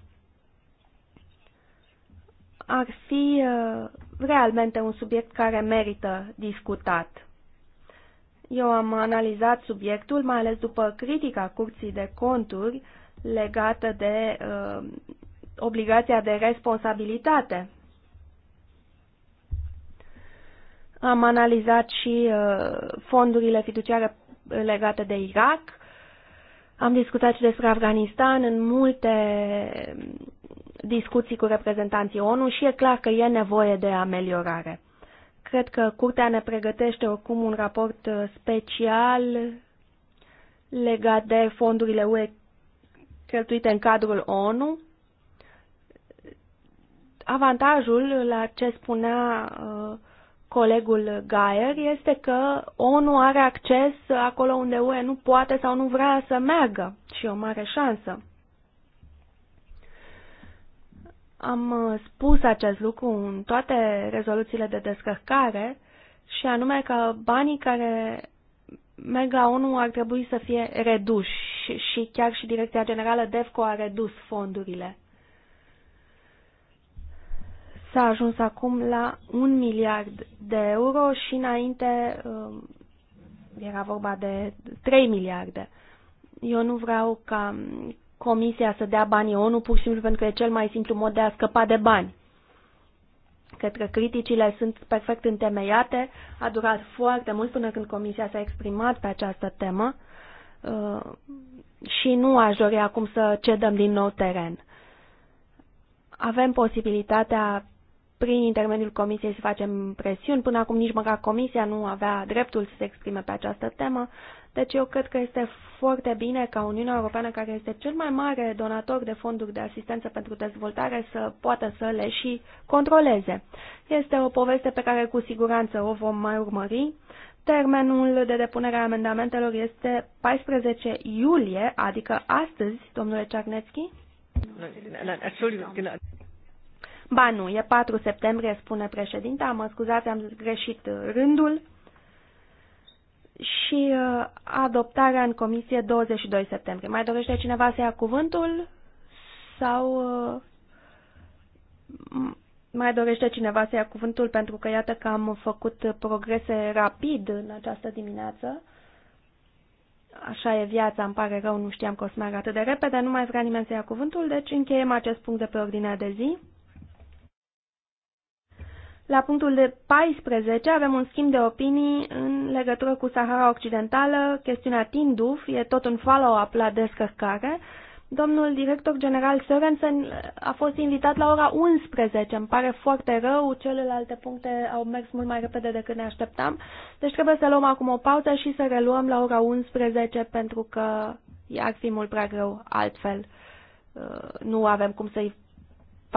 [SPEAKER 2] ar fi uh, realmente un subiect care merită discutat. Eu am analizat subiectul, mai ales după critica Curții de Conturi legată de uh, obligația de responsabilitate. Am analizat și uh, fondurile fiduciare legate de Irak. Am discutat și despre Afganistan în multe discuții cu reprezentanții ONU și e clar că e nevoie de ameliorare. Cred că Curtea ne pregătește oricum un raport uh, special legat de fondurile UE cheltuite în cadrul ONU. Avantajul la ce spunea uh, colegul Gaier este că ONU are acces acolo unde UE nu poate sau nu vrea să meargă și e o mare șansă. Am uh, spus acest lucru în toate rezoluțiile de descărcare și anume că banii care merg la ONU ar trebui să fie reduși și chiar și Direcția Generală DEFCO a redus fondurile. S-a ajuns acum la un miliard de euro și înainte um, era vorba de 3 miliarde. Eu nu vreau ca Comisia să dea banii ONU pur și simplu pentru că e cel mai simplu mod de a scăpa de bani. Cred că criticile sunt perfect întemeiate. A durat foarte mult până când Comisia s-a exprimat pe această temă uh, și nu aș dori acum să cedăm din nou teren. Avem posibilitatea prin intermediul Comisiei să facem presiuni. Până acum nici măcar Comisia nu avea dreptul să se exprime pe această temă, deci eu cred că este foarte bine ca Uniunea Europeană, care este cel mai mare donator de fonduri de asistență pentru dezvoltare, să poată să le și controleze. Este o poveste pe care cu siguranță o vom mai urmări. Termenul de depunere a amendamentelor este 14 iulie, adică astăzi, domnule Ciarnețchi. Ba nu, e 4 septembrie, spune președinta, mă scuzați, am greșit rândul. Și uh, adoptarea în comisie 22 septembrie. Mai dorește cineva să ia cuvântul? Sau uh, mai dorește cineva să ia cuvântul pentru că iată că am făcut progrese rapid în această dimineață. Așa e viața, îmi pare rău, nu știam că o să meargă atât de repede, nu mai vrea nimeni să ia cuvântul, deci încheiem acest punct de pe ordinea de zi. La punctul de 14 avem un schimb de opinii în legătură cu Sahara Occidentală, chestiunea Tinduf, e tot un follow-up la descărcare. Domnul director general Sorensen a fost invitat la ora 11, îmi pare foarte rău, celelalte puncte au mers mult mai repede decât ne așteptam, deci trebuie să luăm acum o pauză și să reluăm la ora 11 pentru că ar fi mult prea greu altfel. Uh, nu avem cum să-i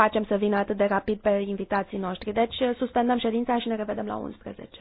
[SPEAKER 2] facem să vină atât de rapid pe invitații noștri. Deci suspendăm ședința și ne revedem la 11.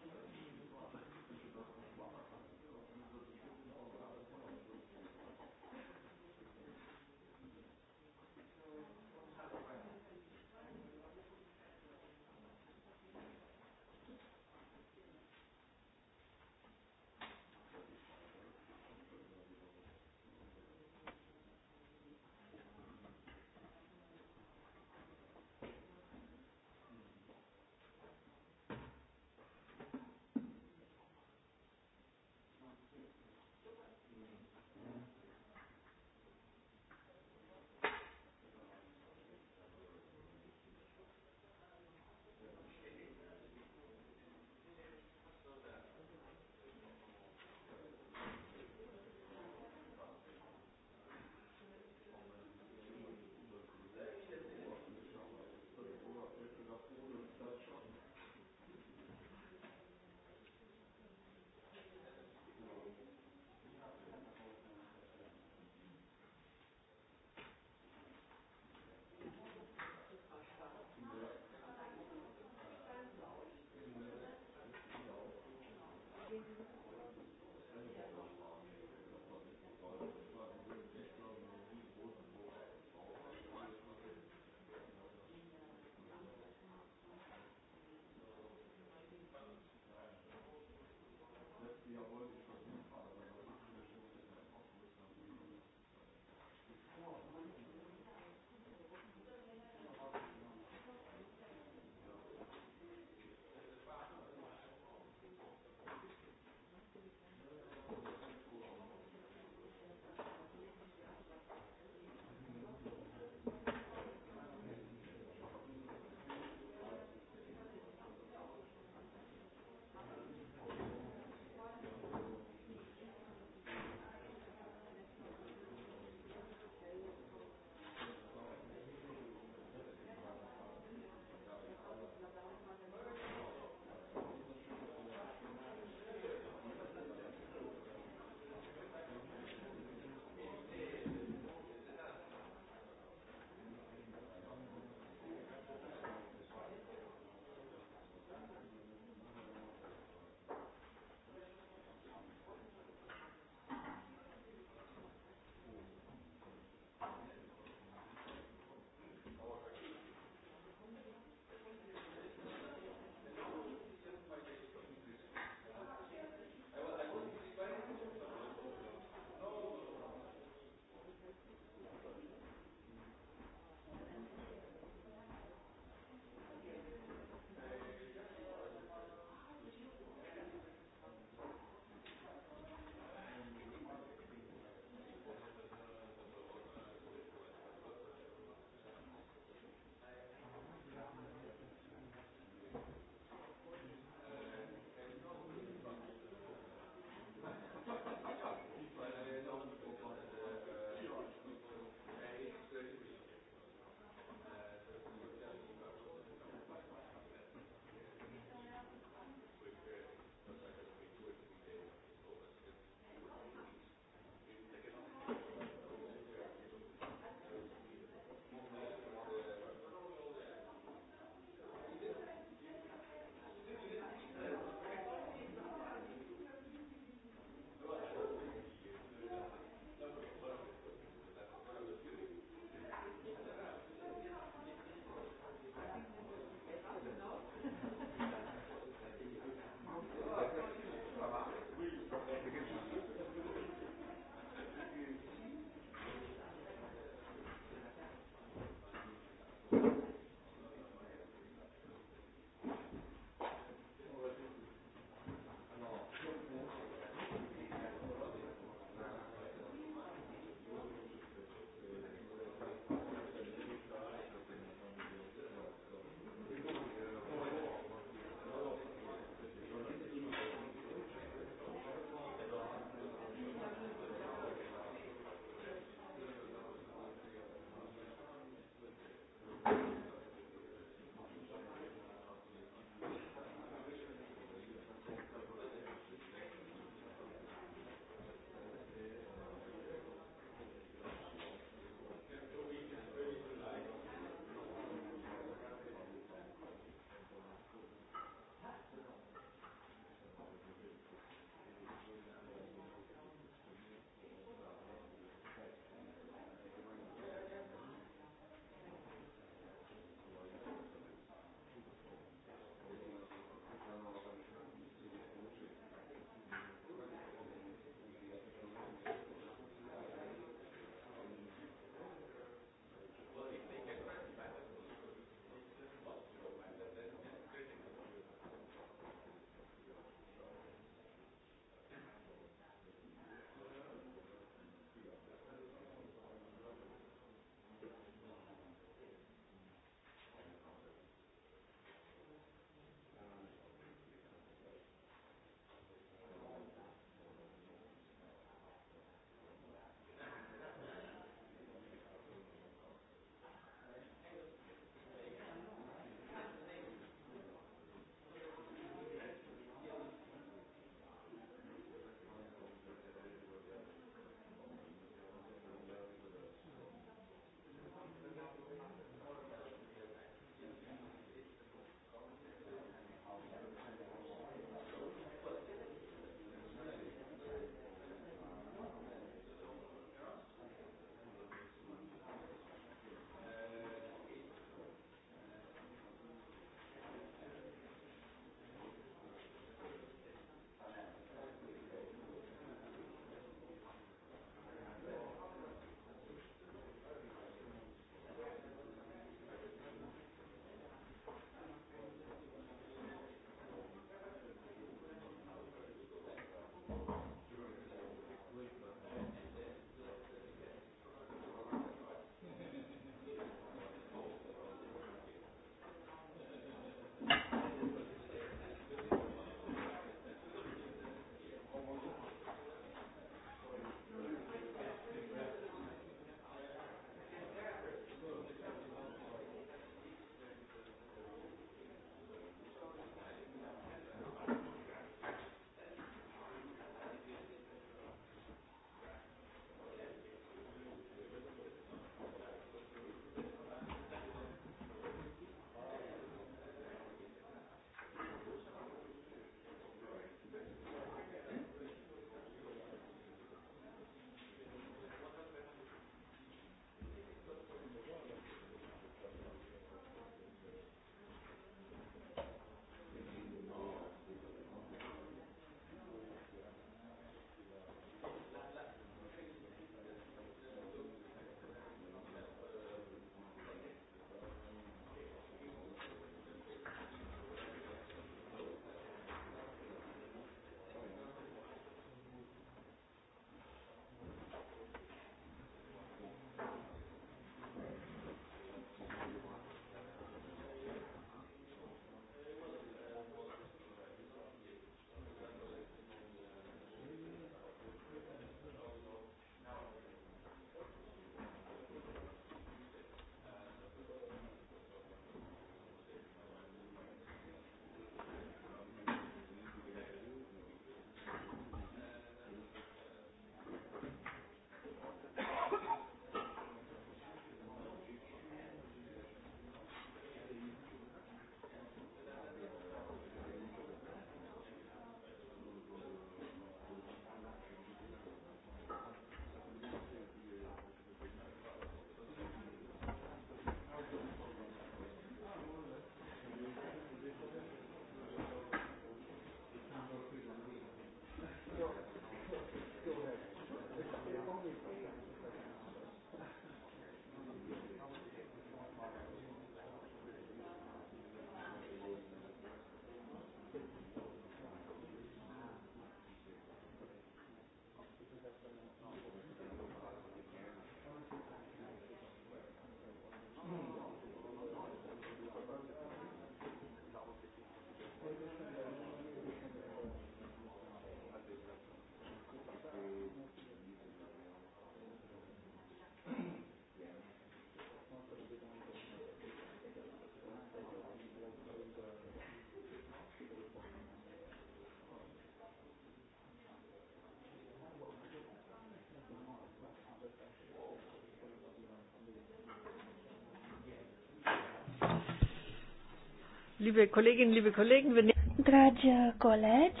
[SPEAKER 1] Liebe Kolleginnen, liebe Kollegen, wir
[SPEAKER 2] Dragi colegi,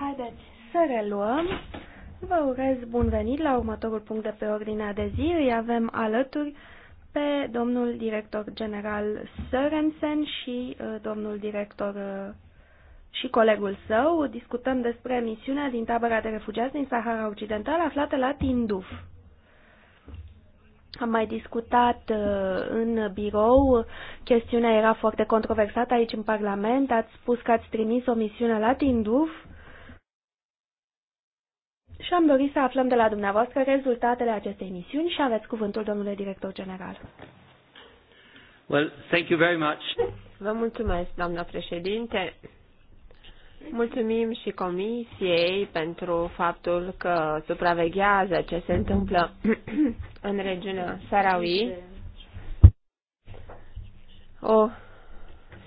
[SPEAKER 2] haideți să reluăm. Vă urez bun venit la următorul punct de pe ordinea de zi. Îi avem alături pe domnul director general Sørensen și uh, domnul director uh, și colegul său. Discutăm despre misiunea din tabăra de refugiați din Sahara Occidentală aflată la Tinduf. Am mai discutat uh, în birou, chestiunea era foarte controversată aici în Parlament, ați spus că ați trimis o misiune la Tinduf și am dorit să aflăm de la dumneavoastră rezultatele acestei misiuni și aveți cuvântul, domnule director general.
[SPEAKER 1] Well, thank you very much.
[SPEAKER 5] Vă mulțumesc, doamna președinte. Mulțumim și Comisiei pentru faptul că supraveghează ce se întâmplă în regiunea Sarawi. O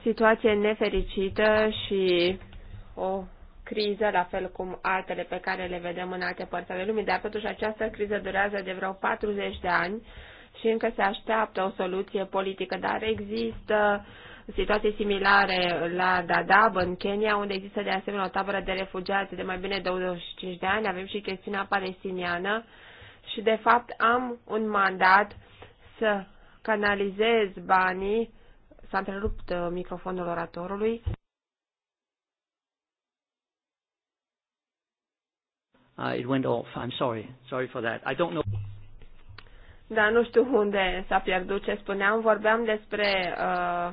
[SPEAKER 5] situație nefericită și o criză, la fel cum altele pe care le vedem în alte părți ale lumii, dar totuși această criză durează de vreo 40 de ani și încă se așteaptă o soluție politică, dar există uh, situații similare la Dadaab, în Kenya, unde există de asemenea o tabără de refugiați de mai bine de 25 de ani. Avem și chestiunea palestiniană și, de fapt, am un mandat să canalizez banii. S-a întrerupt uh, microfonul oratorului.
[SPEAKER 1] Uh, it went off. I'm sorry. Sorry for that. I don't know.
[SPEAKER 5] Da, nu știu unde s-a pierdut ce spuneam. Vorbeam despre uh,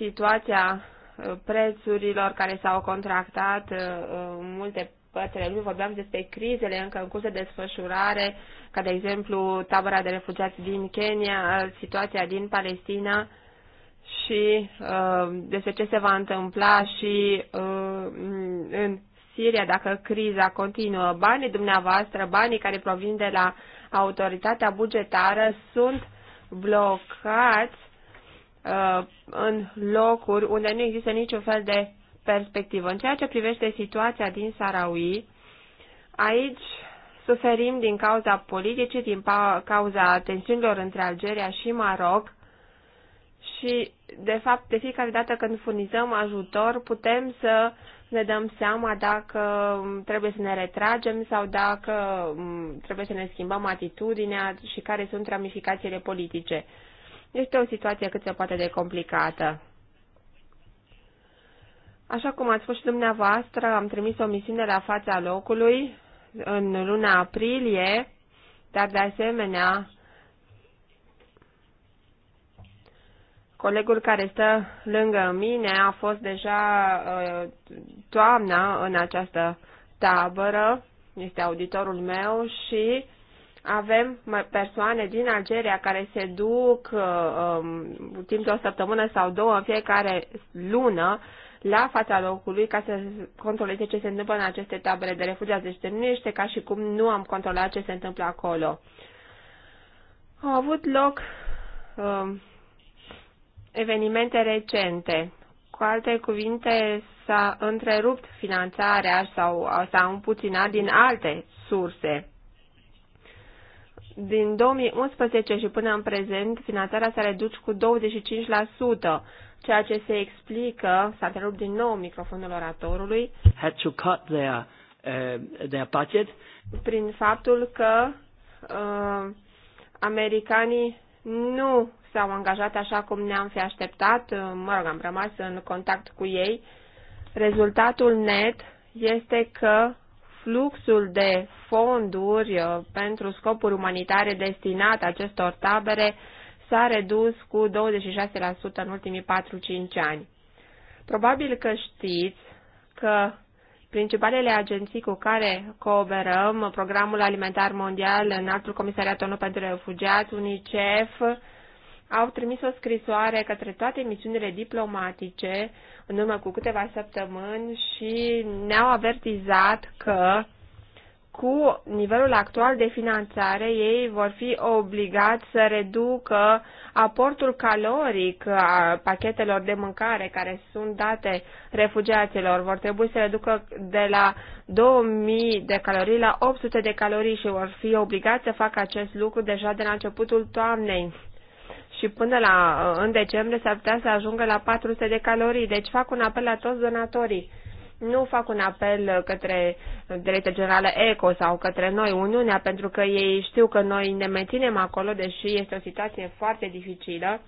[SPEAKER 5] situația uh, prețurilor care s-au contractat în uh, uh, multe părțile lumii, vorbeam despre crizele încă în curs de desfășurare, ca de exemplu tabăra de refugiați din Kenya, situația din Palestina și despre ce se va întâmpla și în Siria dacă criza continuă. Banii dumneavoastră, banii care provin de la autoritatea bugetară sunt blocați Uh, în locuri unde nu există niciun fel de perspectivă. În ceea ce privește situația din Sarawi, aici suferim din cauza politicii, din cauza tensiunilor între Algeria și Maroc și, de fapt, de fiecare dată când furnizăm ajutor, putem să ne dăm seama dacă um, trebuie să ne retragem sau dacă um, trebuie să ne schimbăm atitudinea și care sunt ramificațiile politice. Este o situație cât se poate de complicată. Așa cum ați spus și dumneavoastră, am trimis o misiune la fața locului în luna aprilie, dar de asemenea colegul care stă lângă mine a fost deja uh, toamna în această tabără, este auditorul meu și avem persoane din Algeria care se duc uh, um, timp de o săptămână sau două în fiecare lună la fața locului ca să controleze ce se întâmplă în aceste tabere de refugiați. Deci nu este ca și cum nu am controlat ce se întâmplă acolo. Au avut loc um, evenimente recente. Cu alte cuvinte, s-a întrerupt finanțarea sau s-a împuținat din alte surse din 2011 și până în prezent, finanțarea s-a redus cu 25%, ceea ce se explică, s-a întrerupt din nou microfonul oratorului, had to cut their, uh, their budget. prin faptul că uh, americanii nu s-au angajat așa cum ne-am fi așteptat, uh, mă rog, am rămas în contact cu ei. Rezultatul net este că fluxul de fonduri uh, pentru scopuri umanitare destinate acestor tabere s-a redus cu 26% în ultimii 4-5 ani. Probabil că știți că principalele agenții cu care cooperăm, Programul Alimentar Mondial, Înaltul Comisariat ONU pentru Refugiați, UNICEF, au trimis o scrisoare către toate misiunile diplomatice în urmă cu câteva săptămâni și ne-au avertizat că cu nivelul actual de finanțare ei vor fi obligați să reducă aportul caloric a pachetelor de mâncare care sunt date refugiaților. Vor trebui să reducă de la 2000 de calorii la 800 de calorii și vor fi obligați să facă acest lucru deja de la începutul toamnei și până la, uh, în decembrie s-ar putea să ajungă la 400 de calorii. Deci fac un apel la toți donatorii. Nu fac un apel uh, către Direcția Generală ECO sau către noi, Uniunea, pentru că ei știu că noi ne menținem acolo, deși este o situație foarte dificilă.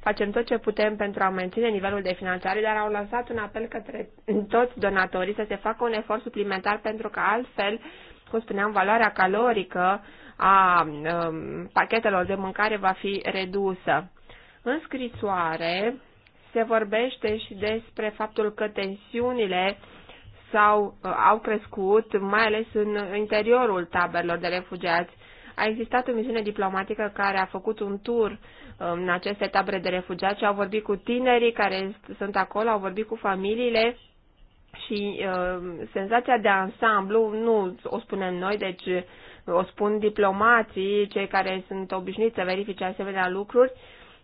[SPEAKER 5] Facem tot ce putem pentru a menține nivelul de finanțare, dar au lansat un apel către toți donatorii să se facă un efort suplimentar pentru că altfel, cum spuneam, valoarea calorică a um, pachetelor de mâncare va fi redusă. În scrisoare se vorbește și despre faptul că tensiunile sau uh, au crescut, mai ales în interiorul taberelor de refugiați. A existat o misiune diplomatică care a făcut un tur um, în aceste tabere de refugiați și au vorbit cu tinerii care sunt acolo, au vorbit cu familiile și uh, senzația de ansamblu, nu o spunem noi, deci o spun diplomații, cei care sunt obișnuiți să verifice asemenea lucruri,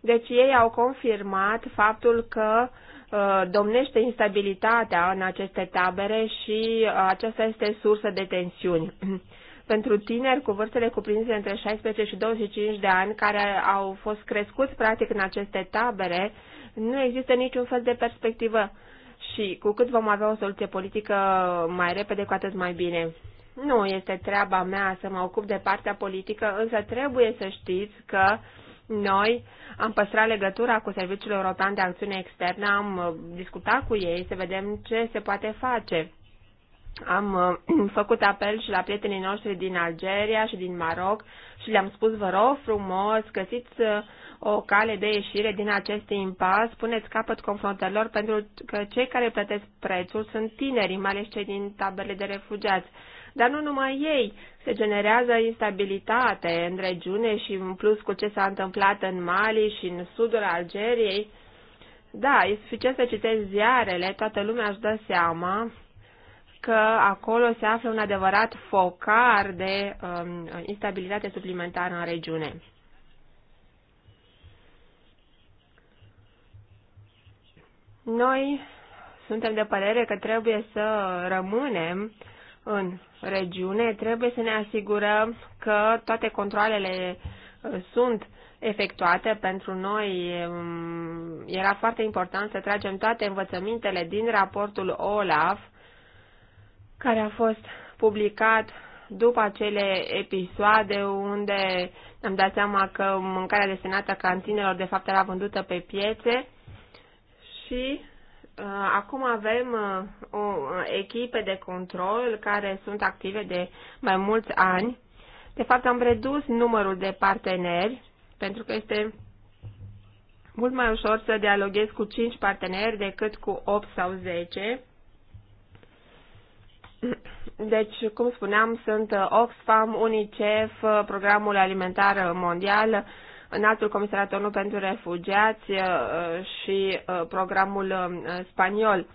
[SPEAKER 5] deci ei au confirmat faptul că uh, domnește instabilitatea în aceste tabere și uh, aceasta este sursă de tensiuni. Pentru tineri cu vârstele cuprinse între 16 și 25 de ani, care au fost crescuți practic în aceste tabere, nu există niciun fel de perspectivă și cu cât vom avea o soluție politică mai repede, cu atât mai bine. Nu este treaba mea să mă ocup de partea politică, însă trebuie să știți că noi am păstrat legătura cu Serviciul European de Acțiune Externă, am uh, discutat cu ei să vedem ce se poate face. Am uh, făcut apel și la prietenii noștri din Algeria și din Maroc și le-am spus, vă rog frumos, găsiți uh, o cale de ieșire din acest impas, puneți capăt confruntărilor pentru că cei care plătesc prețul sunt tinerii, mai ales cei din taberele de refugiați. Dar nu numai ei. Se generează instabilitate în regiune și în plus cu ce s-a întâmplat în Mali și în sudul Algeriei. Da, e suficient să citești ziarele, toată lumea își dă seama că acolo se află un adevărat focar de um, instabilitate suplimentară în regiune. Noi suntem de părere că trebuie să rămânem în regiune, trebuie să ne asigurăm că toate controlele uh, sunt efectuate. Pentru noi um, era foarte important să tragem toate învățămintele din raportul OLAF, care a fost publicat după acele episoade unde am dat seama că mâncarea destinată cantinelor de fapt era vândută pe piețe și Uh, acum avem uh, o uh, echipe de control care sunt active de mai mulți ani. De fapt, am redus numărul de parteneri pentru că este mult mai ușor să dialoghez cu 5 parteneri decât cu 8 sau 10. Deci, cum spuneam, sunt Oxfam, UNICEF, Programul Alimentar Mondial, înaltul comisariat ONU pentru refugiați uh, și uh, programul uh, spaniol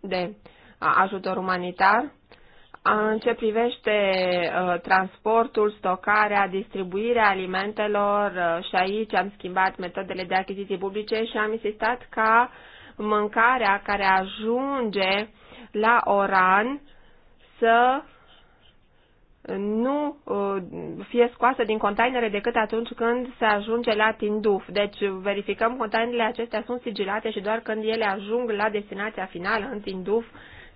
[SPEAKER 5] de ajutor umanitar. În ce privește transportul, stocarea, distribuirea alimentelor și aici am schimbat metodele de achiziții publice și am insistat ca mâncarea care ajunge la Oran să nu uh, fie scoasă din containere decât atunci când se ajunge la tinduf. Deci verificăm containerele acestea sunt sigilate și doar când ele ajung la destinația finală în tinduf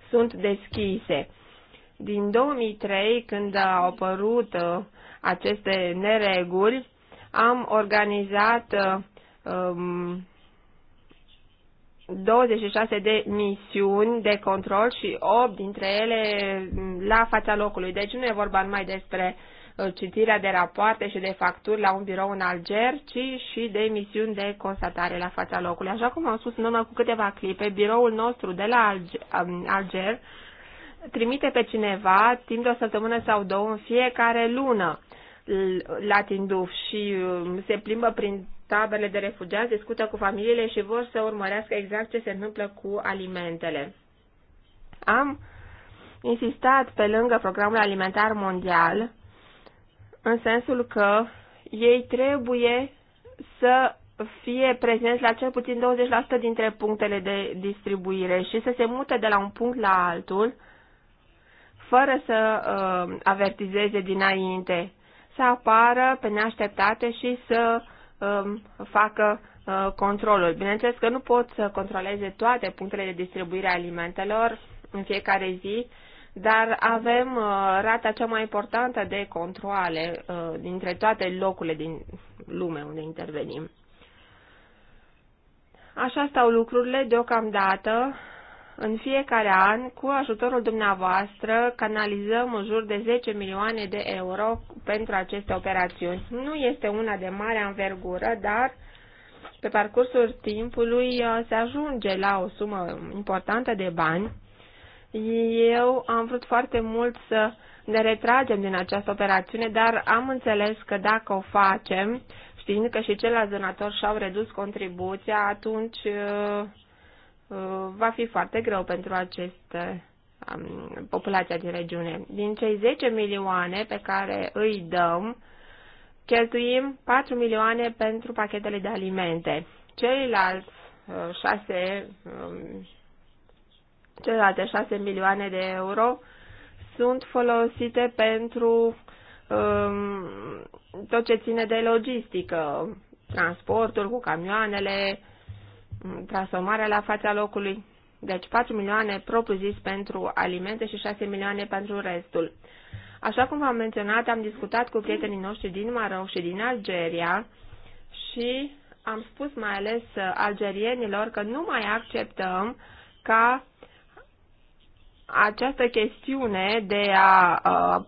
[SPEAKER 5] sunt deschise. Din 2003, când au apărut uh, aceste nereguli, am organizat uh, um, 26 de misiuni de control și 8 dintre ele la fața locului. Deci nu e vorba numai despre uh, citirea de rapoarte și de facturi la un birou în Alger, ci și de misiuni de constatare la fața locului. Așa cum am spus în urmă cu câteva clipe, biroul nostru de la um, Alger trimite pe cineva timp de o săptămână sau două în fiecare lună la Tinduf și um, se plimbă prin taberele de refugiați, discută cu familiile și vor să urmărească exact ce se întâmplă cu alimentele. Am insistat pe lângă programul alimentar mondial în sensul că ei trebuie să fie prezenți la cel puțin 20% dintre punctele de distribuire și să se mute de la un punct la altul fără să uh, avertizeze dinainte, să apară pe neașteptate și să uh, Um, facă uh, controlul. Bineînțeles că nu pot să controleze toate punctele de distribuire a alimentelor în fiecare zi, dar avem uh, rata cea mai importantă de controle uh, dintre toate locurile din lume unde intervenim. Așa stau lucrurile deocamdată. În fiecare an, cu ajutorul dumneavoastră, canalizăm în jur de 10 milioane de euro pentru aceste operațiuni. Nu este una de mare anvergură, dar pe parcursul timpului uh, se ajunge la o sumă importantă de bani. Eu am vrut foarte mult să ne retragem din această operațiune, dar am înțeles că dacă o facem, știind că și ceilalți donatori și-au redus contribuția, atunci uh, Uh, va fi foarte greu pentru aceste um, populația din regiune. Din cei 10 milioane pe care îi dăm, cheltuim 4 milioane pentru pachetele de alimente. Ceilalți 6, uh, um, celelalte 6 milioane de euro sunt folosite pentru um, tot ce ține de logistică, transportul cu camioanele, transformarea la fața locului, deci 4 milioane propriu-zis pentru alimente și 6 milioane pentru restul. Așa cum v-am menționat, am discutat cu prietenii noștri din Maroc și din Algeria și am spus mai ales algerienilor că nu mai acceptăm ca această chestiune de a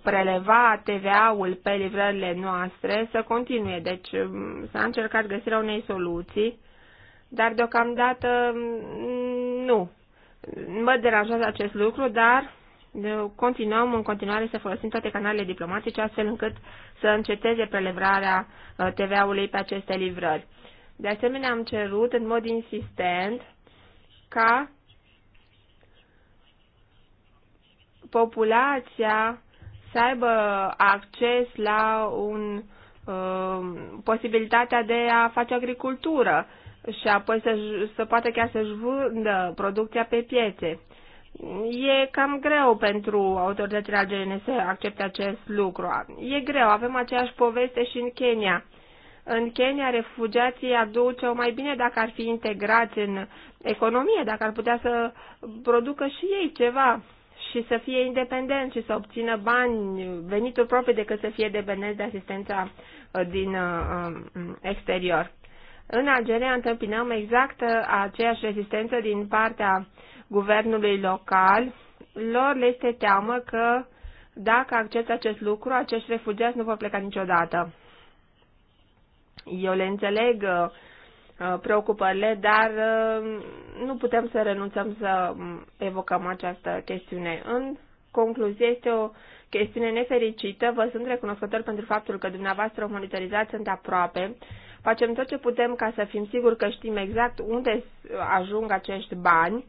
[SPEAKER 5] preleva TVA-ul pe livrările noastre să continue. Deci s-a încercat găsirea unei soluții dar deocamdată mm, nu. Mă deranjează acest lucru, dar continuăm în continuare să folosim toate canalele diplomatice astfel încât să înceteze prelevrarea uh, TVA-ului pe aceste livrări. De asemenea, am cerut în mod insistent ca populația să aibă acces la un, uh, posibilitatea de a face agricultură și apoi să, să poată chiar să-și vândă producția pe piețe. E cam greu pentru autoritățile algerine să accepte acest lucru. E greu, avem aceeași poveste și în Kenya. În Kenya, refugiații aduceau mai bine dacă ar fi integrați în economie, dacă ar putea să producă și ei ceva și să fie independenți și să obțină bani, venituri proprii, decât să fie dependenți de asistența uh, din uh, um, exterior. În Algeria întâmpinăm exact uh, aceeași rezistență din partea guvernului local. Lor le este teamă că dacă acceptă acest lucru, acești refugiați nu vor pleca niciodată. Eu le înțeleg uh, uh, preocupările, dar nu putem să renunțăm să um, evocăm această chestiune. În concluzie, este o chestiune nefericită. Vă sunt recunoscător pentru faptul că dumneavoastră o monitorizați sunt aproape. Facem tot ce putem ca să fim siguri că știm exact unde ajung acești bani.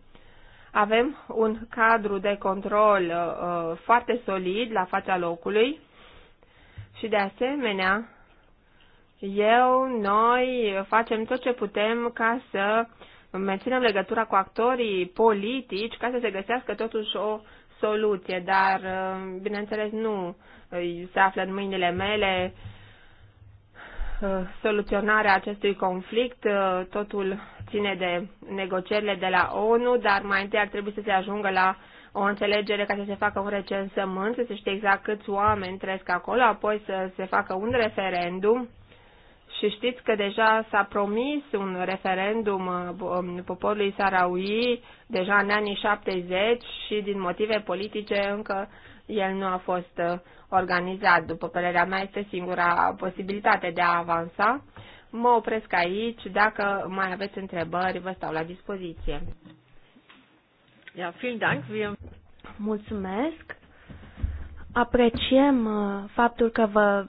[SPEAKER 5] Avem un cadru de control uh, uh, foarte solid la fața locului și, de asemenea, eu, noi facem tot ce putem ca să menținem legătura cu actorii politici ca să se găsească totuși o soluție, dar, uh, bineînțeles, nu uh, se află în mâinile mele Uh, soluționarea acestui conflict. Uh, totul ține de negocierile de la ONU, dar mai întâi ar trebui să se ajungă la o înțelegere ca să se facă un recensământ, să se știe exact câți oameni trăiesc acolo, apoi să se facă un referendum. Și știți că deja s-a promis un referendum um, poporului Sarawi deja în anii 70 și din motive politice încă el nu a fost uh, organizat. După părerea mea, este singura posibilitate de a avansa. Mă opresc aici. Dacă mai aveți întrebări, vă stau la dispoziție.
[SPEAKER 1] Ja, vielen Dank. Wir...
[SPEAKER 2] Mulțumesc. Apreciem uh, faptul că vă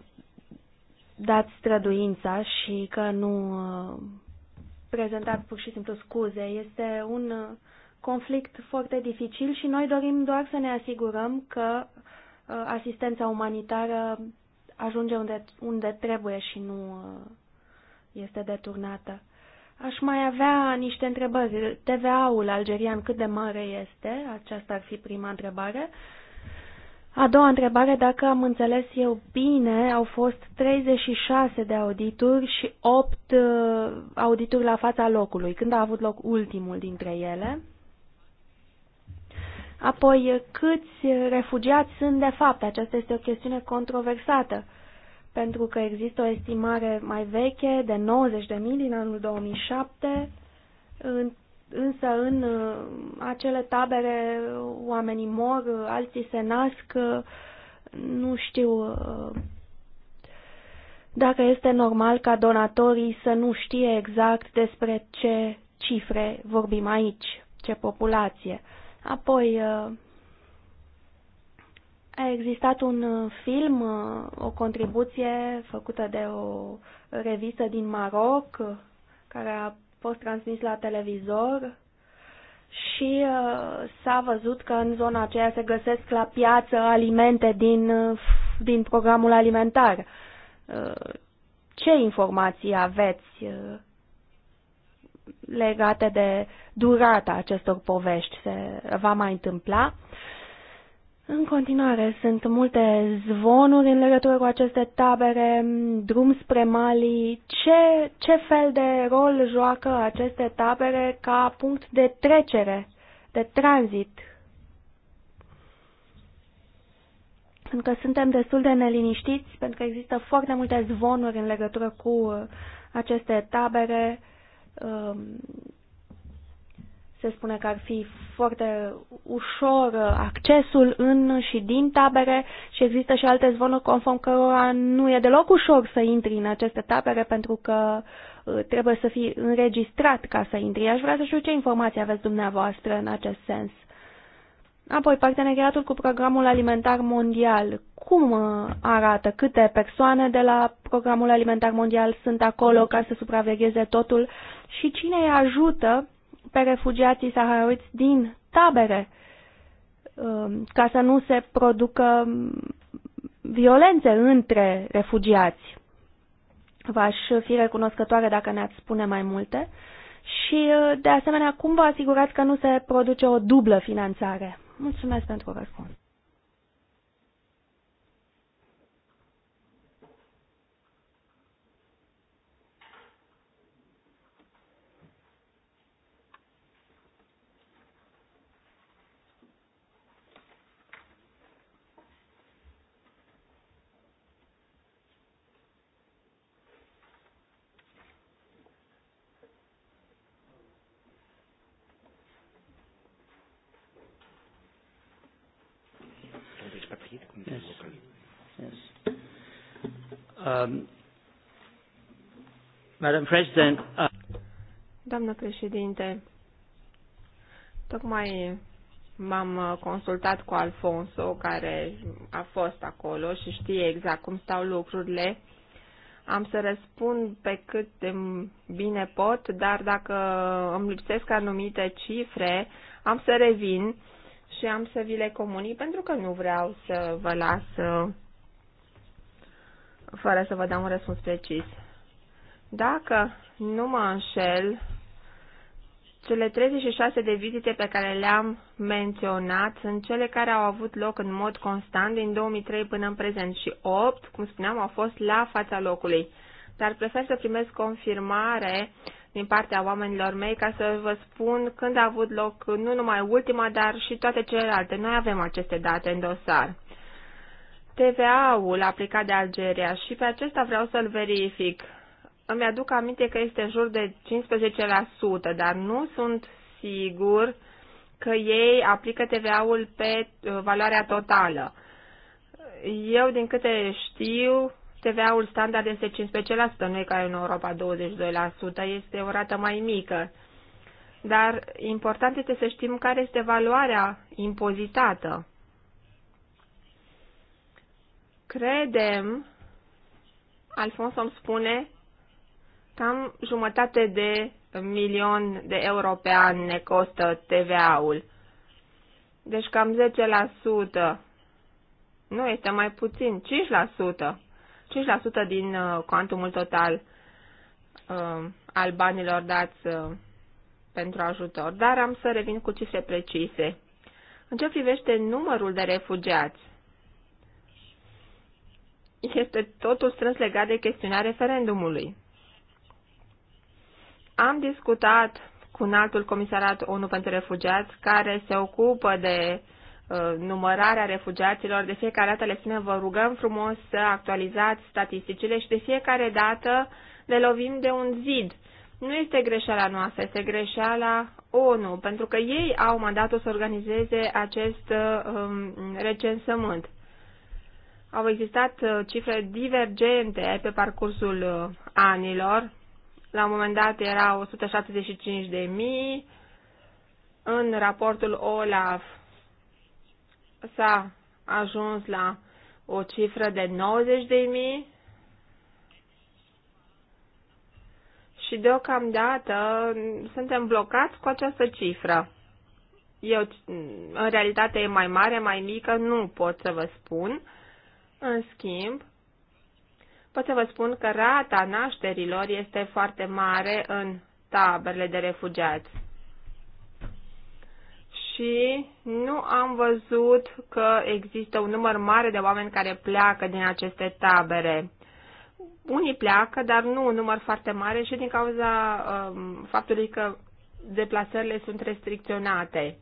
[SPEAKER 2] dați străduința și că nu uh, prezentați pur și simplu scuze. Este un conflict foarte dificil și noi dorim doar să ne asigurăm că uh, asistența umanitară ajunge unde, unde trebuie și nu uh, este deturnată. Aș mai avea niște întrebări. TVA-ul algerian cât de mare este? Aceasta ar fi prima întrebare. A doua întrebare, dacă am înțeles eu bine, au fost 36 de audituri și 8 uh, audituri la fața locului. Când a avut loc ultimul dintre ele? Apoi, câți refugiați sunt de fapt? Aceasta este o chestiune controversată, pentru că există o estimare mai veche de 90.000 din anul 2007, însă în uh, acele tabere oamenii mor, alții se nasc, uh, nu știu uh, dacă este normal ca donatorii să nu știe exact despre ce cifre vorbim aici, ce populație. Apoi, uh, a existat un uh, film, uh, o contribuție făcută de o revistă din Maroc, care a fost transmis la televizor și s-a văzut că în zona aceea se găsesc la piață alimente din, din programul alimentar. Ce informații aveți legate de durata acestor povești se va mai întâmpla. În continuare, sunt multe zvonuri în legătură cu aceste tabere, drum spre Mali. Ce, ce fel de rol joacă aceste tabere ca punct de trecere, de tranzit? Pentru că suntem destul de neliniștiți, pentru că există foarte multe zvonuri în legătură cu uh, aceste tabere Um, se spune că ar fi foarte ușor uh, accesul în și din tabere și există și alte zvonuri conform cărora nu e deloc ușor să intri în aceste tabere pentru că uh, trebuie să fii înregistrat ca să intri. Aș vrea să știu ce informații aveți dumneavoastră în acest sens. Apoi, parteneriatul cu Programul Alimentar Mondial. Cum uh, arată? Câte persoane de la Programul Alimentar Mondial sunt acolo ca să supravegheze totul? și cine îi ajută pe refugiații saharauiți din tabere um, ca să nu se producă violențe între refugiați. V-aș fi recunoscătoare dacă ne-ați spune mai multe. Și, uh, de asemenea, cum vă asigurați că nu se produce o dublă finanțare? Mulțumesc pentru
[SPEAKER 1] răspuns. Um, Madam President, uh,
[SPEAKER 5] Doamnă președinte, tocmai m-am uh, consultat cu Alfonso, care a fost acolo și știe exact cum stau lucrurile. Am să răspund pe cât de bine pot, dar dacă îmi lipsesc anumite cifre, am să revin și am să vi le comunic, pentru că nu vreau să vă las uh, fără să vă dau un răspuns precis. Dacă nu mă înșel, cele 36 de vizite pe care le-am menționat sunt cele care au avut loc în mod constant din 2003 până în prezent și 8, cum spuneam, au fost la fața locului. Dar prefer să primesc confirmare din partea oamenilor mei ca să vă spun când a avut loc nu numai ultima, dar și toate celelalte. Noi avem aceste date în dosar. TVA-ul aplicat de Algeria și pe acesta vreau să-l verific. Îmi aduc aminte că este în jur de 15%, dar nu sunt sigur că ei aplică TVA-ul pe uh, valoarea totală. Eu, din câte știu, TVA-ul standard este 15%, nu e ca în Europa 22%, este o rată mai mică. Dar important este să știm care este valoarea impozitată. Credem, Alfonso îmi spune, cam jumătate de milion de euro pe an ne costă TVA-ul. Deci cam 10%. Nu, este mai puțin, 5%. 5% din uh, cuantumul total uh, al banilor dați uh, pentru ajutor, dar am să revin cu cifre precise. În ce privește numărul de refugiați, este totul strâns legat de chestiunea referendumului. Am discutat cu un altul comisarat ONU pentru refugiați care se ocupă de uh, numărarea refugiaților. De fiecare dată le spunem: vă rugăm frumos să actualizați statisticile și de fiecare dată ne lovim de un zid. Nu este greșeala noastră, este greșeala ONU, pentru că ei au mandatul să organizeze acest uh, um, recensământ au existat uh, cifre divergente pe parcursul uh, anilor. La un moment dat era 175 de mii. În raportul OLAF s-a ajuns la o cifră de 90 de mii. Și deocamdată mm, suntem blocați cu această cifră. Eu, mm, în realitate, e mai mare, mai mică, nu pot să vă spun în schimb, pot să vă spun că rata nașterilor este foarte mare în taberele de refugiați. Și nu am văzut că există un număr mare de oameni care pleacă din aceste tabere. Unii pleacă, dar nu un număr foarte mare și din cauza um, faptului că deplasările sunt restricționate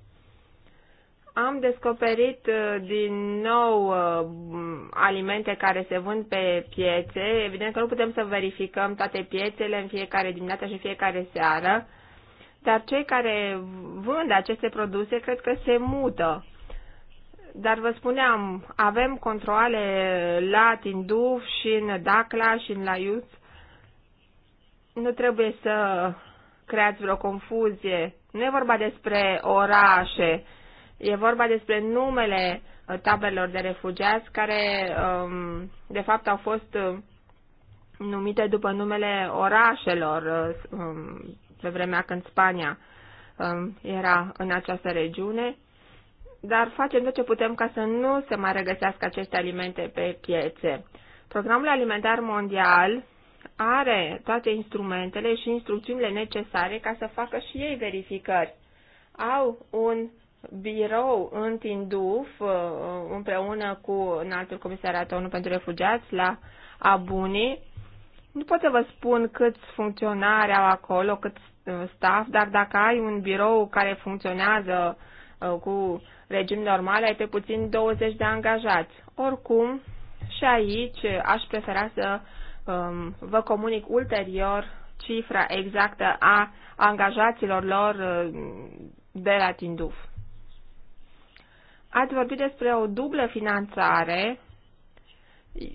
[SPEAKER 5] am descoperit uh, din nou uh, alimente care se vând pe piețe. Evident că nu putem să verificăm toate piețele în fiecare dimineață și fiecare seară, dar cei care vând aceste produse cred că se mută. Dar vă spuneam, avem controle la Tinduf și în Dacla și în Laiuț. Nu trebuie să creați vreo confuzie. Nu e vorba despre orașe E vorba despre numele uh, tabelor de refugiați care, um, de fapt, au fost uh, numite după numele orașelor uh, um, pe vremea când Spania um, era în această regiune, dar facem tot ce putem ca să nu se mai regăsească aceste alimente pe piețe. Programul Alimentar Mondial are toate instrumentele și instrucțiunile necesare ca să facă și ei verificări. Au un birou în Tinduf uh, împreună cu înaltul comisariat ONU pentru refugiați la Abuni. Nu pot să vă spun câți funcționari au acolo, cât uh, staff, dar dacă ai un birou care funcționează uh, cu regim normal, ai pe puțin 20 de angajați. Oricum, și aici aș prefera să um, vă comunic ulterior cifra exactă a angajaților lor de la Tinduf. Ați vorbit despre o dublă finanțare.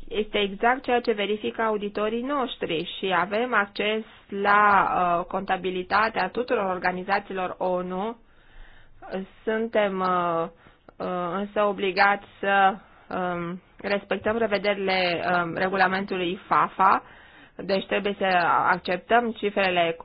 [SPEAKER 5] Este exact ceea ce verifică auditorii noștri și avem acces la uh, contabilitatea tuturor organizațiilor ONU. Suntem uh, uh, însă obligați să um, respectăm prevederile um, regulamentului FAFA, deci trebuie să acceptăm cifrele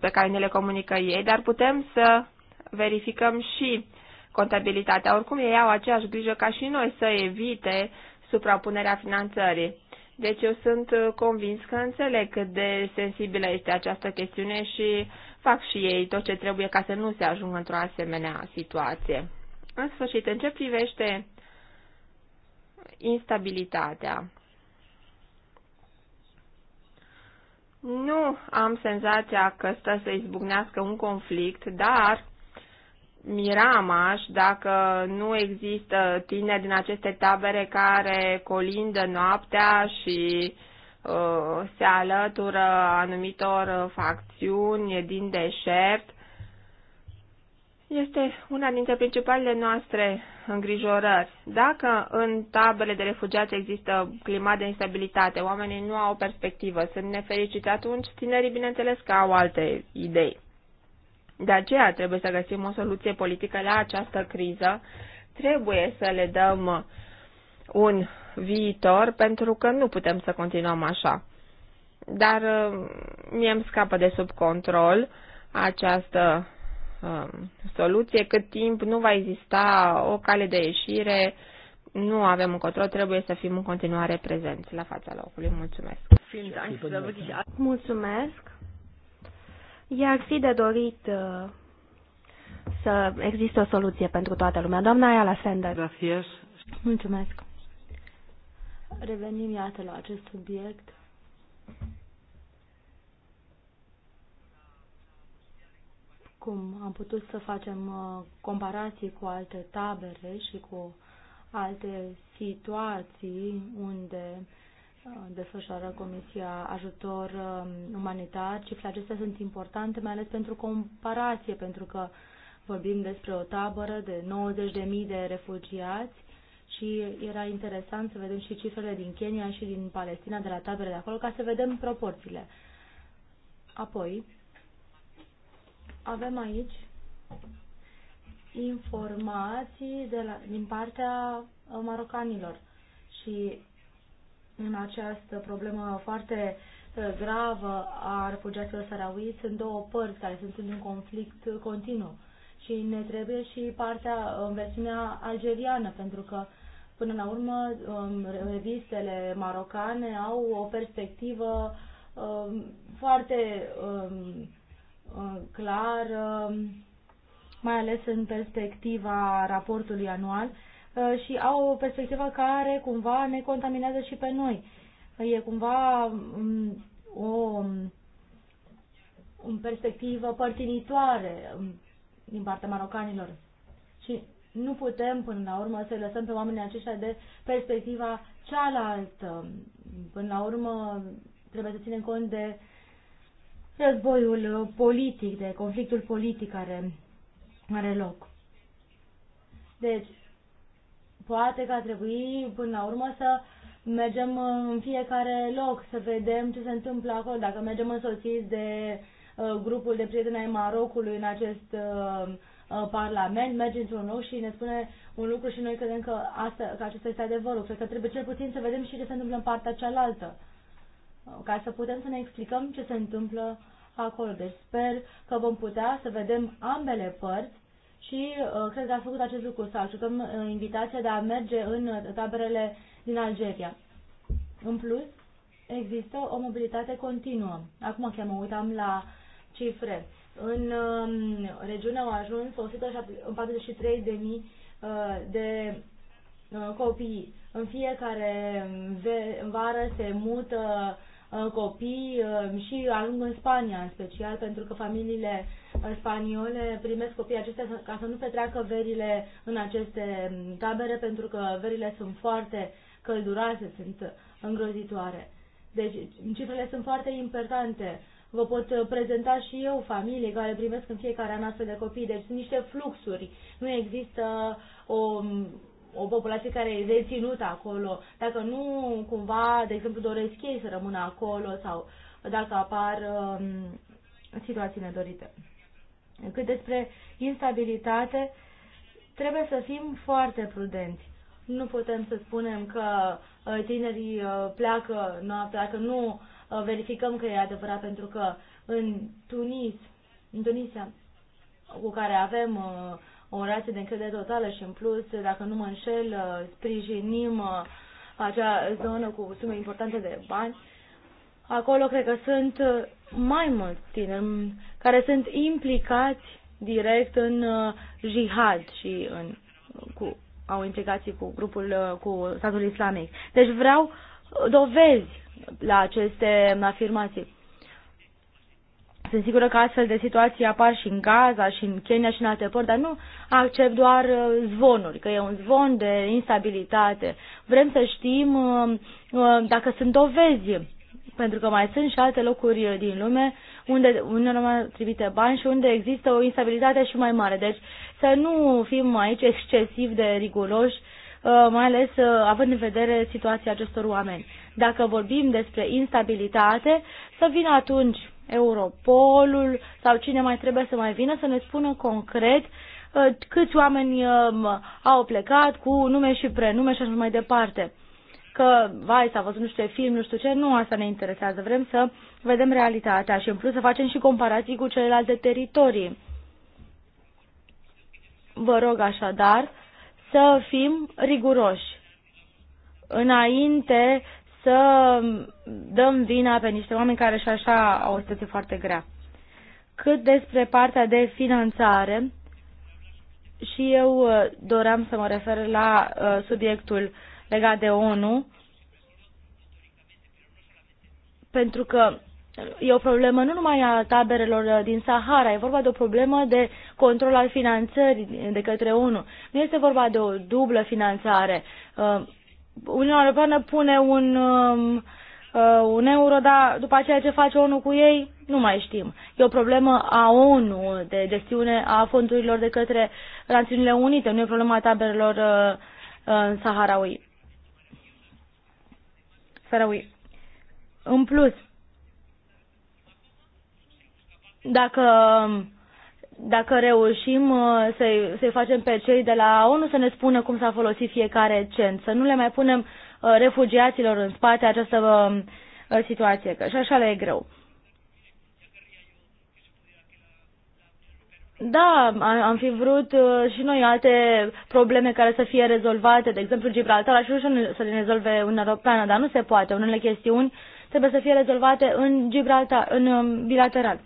[SPEAKER 5] pe care ne le comunică ei, dar putem să verificăm și contabilitatea. Oricum, ei au aceeași grijă ca și noi să evite suprapunerea finanțării. Deci eu sunt uh, convins că înțeleg cât de sensibilă este această chestiune și fac și ei tot ce trebuie ca să nu se ajungă într-o asemenea situație. În sfârșit, în ce privește instabilitatea, nu am senzația că stă să izbucnească un conflict, dar miram aș dacă nu există tineri din aceste tabere care colindă noaptea și uh, se alătură anumitor facțiuni din deșert. Este una dintre principalele noastre îngrijorări. Dacă în tabele de refugiați există climat de instabilitate, oamenii nu au o perspectivă, sunt nefericiți, atunci tinerii, bineînțeles, că au alte idei. De aceea trebuie să găsim o soluție politică la această criză. Trebuie să le dăm un viitor pentru că nu putem să continuăm așa. Dar uh, mie îmi scapă de sub control această um, soluție. Cât timp nu va exista o cale de ieșire, nu avem control, trebuie să fim în continuare prezenți la fața locului.
[SPEAKER 1] Mulțumesc!
[SPEAKER 2] Mulțumesc! I-ar fi
[SPEAKER 3] de dorit uh,
[SPEAKER 2] să existe o soluție pentru toată lumea. Doamna Ayala
[SPEAKER 1] Sender. Gracias. Mulțumesc.
[SPEAKER 3] Revenim iată la acest subiect. Cum am putut să facem uh, comparații cu alte tabere și cu alte situații unde desfășoară Comisia Ajutor um, Umanitar. Cifrele acestea sunt importante, mai ales pentru comparație, pentru că vorbim despre o tabără de 90.000 de refugiați și era interesant să vedem și cifrele din Kenya și din Palestina, de la tabere de acolo, ca să vedem proporțiile. Apoi, avem aici informații de la, din partea marocanilor și în această problemă foarte eh, gravă a refugiaților sarawi sunt două părți care sunt într-un conflict continuu și ne trebuie și partea, eh, versiunea algeriană, pentru că până la urmă eh, revistele marocane au o perspectivă foarte clară, mai ales în perspectiva raportului anual Uh, și au o perspectivă care cumva ne contaminează și pe noi. E cumva um, o în um, perspectivă părtinitoare um, din partea marocanilor. Și nu putem, până la urmă, să lăsăm pe oamenii aceștia de perspectiva cealaltă. Până la urmă, trebuie să ținem cont de războiul politic, de conflictul politic care are loc. Deci, poate că ar trebui până la urmă să mergem în fiecare loc, să vedem ce se întâmplă acolo, dacă mergem însoțiți de uh, grupul de prieteni ai Marocului în acest uh, uh, parlament, merge într-un loc și ne spune un lucru și noi credem că, asta, că acesta este adevărul. Cred că trebuie cel puțin să vedem și ce se întâmplă în partea cealaltă, ca să putem să ne explicăm ce se întâmplă acolo. Deci sper că vom putea să vedem ambele părți și uh, cred că a făcut acest lucru, să ajutăm uh, invitația de a merge în taberele din Algeria. În plus, există o mobilitate continuă. Acum chiar mă uitam la cifre. În um, regiune au ajuns 143.000 de uh, copii. În fiecare vară se mută Uh, copii uh, și ajung în Spania în special, pentru că familiile uh, spaniole primesc copiii acestea ca să nu petreacă verile în aceste um, tabere, pentru că verile sunt foarte călduroase, sunt îngrozitoare. Deci cifrele sunt foarte importante. Vă pot prezenta și eu familii care primesc în fiecare an astfel de copii. Deci sunt niște fluxuri. Nu există o um, o populație care e reținută acolo, dacă nu cumva, de exemplu, doresc ei să rămână acolo sau dacă apar um, situații nedorite. Cât despre instabilitate, trebuie să fim foarte prudenți. Nu putem să spunem că uh, tinerii uh, pleacă noaptea, că nu uh, verificăm că e adevărat, pentru că în Tunis, în Tunisia, cu care avem uh, o relație de încredere totală și în plus, dacă nu mă înșel, uh, sprijinim uh, acea zonă cu sume importante de bani. Acolo cred că sunt uh, mai mulți tineri care sunt implicați direct în jihad și în, cu, au implicații cu grupul, cu statul islamic. Deci vreau dovezi la aceste afirmații. Sunt sigură că astfel de situații apar și în Gaza, și în Kenya, și în alte părți, dar nu accept doar uh, zvonuri, că e un zvon de instabilitate. Vrem să știm uh, uh, dacă sunt dovezi, pentru că mai sunt și alte locuri din lume unde Uniunea Europeană trimite bani și unde există o instabilitate și mai mare. Deci să nu fim aici excesiv de riguroși, mai ales având în vedere situația acestor oameni. Dacă vorbim despre instabilitate, să vină atunci Europolul sau cine mai trebuie să mai vină să ne spună concret uh, câți oameni um, au plecat cu nume și prenume și așa mai departe. Că, vai, s-a văzut nu știu ce film, nu știu ce, nu asta ne interesează. Vrem să vedem realitatea și în plus să facem și comparații cu celelalte teritorii. Vă rog așadar să fim riguroși înainte să dăm vina pe niște oameni care și așa au o situație foarte grea. Cât despre partea de finanțare, și eu uh, doream să mă refer la uh, subiectul legat de ONU, pentru că e o problemă nu numai a taberelor uh, din Sahara, e vorba de o problemă de control al finanțării de către ONU. Nu este vorba de o dublă finanțare. Uniunea Europeană pune un, um, uh, un euro, dar după aceea ce face ONU cu ei, nu mai știm. E o problemă a ONU de gestiune a fondurilor de către Națiunile Unite, nu e problema taberelor uh, uh, în Saharaui. Saharaui. În plus, dacă um, dacă reușim uh, să-i, să facem pe cei de la ONU să ne spună cum s-a folosit fiecare cent, să nu le mai punem uh, refugiaților în spate această uh, situație, că și așa le e greu. Da, am fi vrut și noi alte probleme care să fie rezolvate, de exemplu Gibraltar, aș vrea să le rezolve în Europeană, dar nu se poate. Unele chestiuni trebuie să fie rezolvate în Gibraltar, în um, bilateral.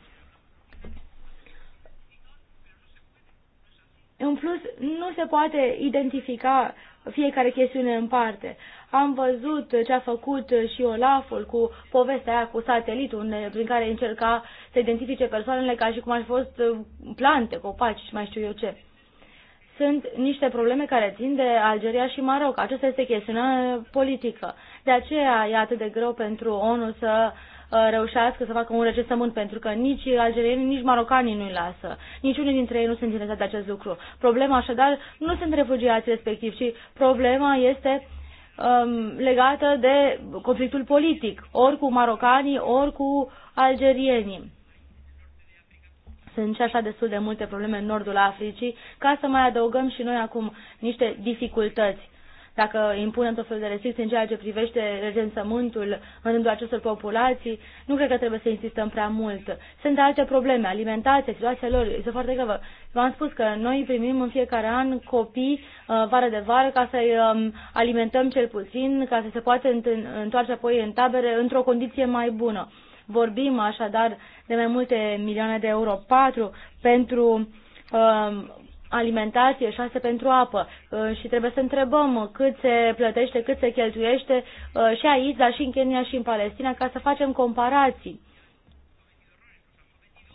[SPEAKER 3] În plus, nu se poate identifica fiecare chestiune în parte. Am văzut ce a făcut și Olaful cu povestea aia cu satelitul prin care încerca să identifice persoanele ca și cum ar fi fost uh, plante, copaci și mai știu eu ce. Sunt niște probleme care țin de Algeria și Maroc. Aceasta este chestiunea politică. De aceea e atât de greu pentru ONU să uh, Uh, reușească să facă un recesământ, pentru că nici algerienii, nici marocanii nu-i lasă. Niciunul dintre ei nu sunt interesat de acest lucru. Problema așadar nu sunt refugiații respectiv, ci problema este um, legată de conflictul politic, ori cu marocanii, ori cu algerienii. Sunt și așa destul de multe probleme în nordul Africii, ca să mai adăugăm și noi acum niște dificultăți dacă impunem tot felul de restricții în ceea ce privește regensământul în rândul acestor populații, nu cred că trebuie să insistăm prea mult. Sunt alte probleme, alimentație, situația lor este foarte gravă. V-am spus că noi primim în fiecare an copii uh, vară de vară ca să-i um, alimentăm cel puțin, ca să se poată întoarce apoi în tabere într-o condiție mai bună. Vorbim așadar de mai multe milioane de euro, patru pentru um, alimentație, șase pentru apă uh, și trebuie să întrebăm cât se plătește, cât se cheltuiește uh, și aici, dar și în Kenya și în Palestina, ca să facem comparații.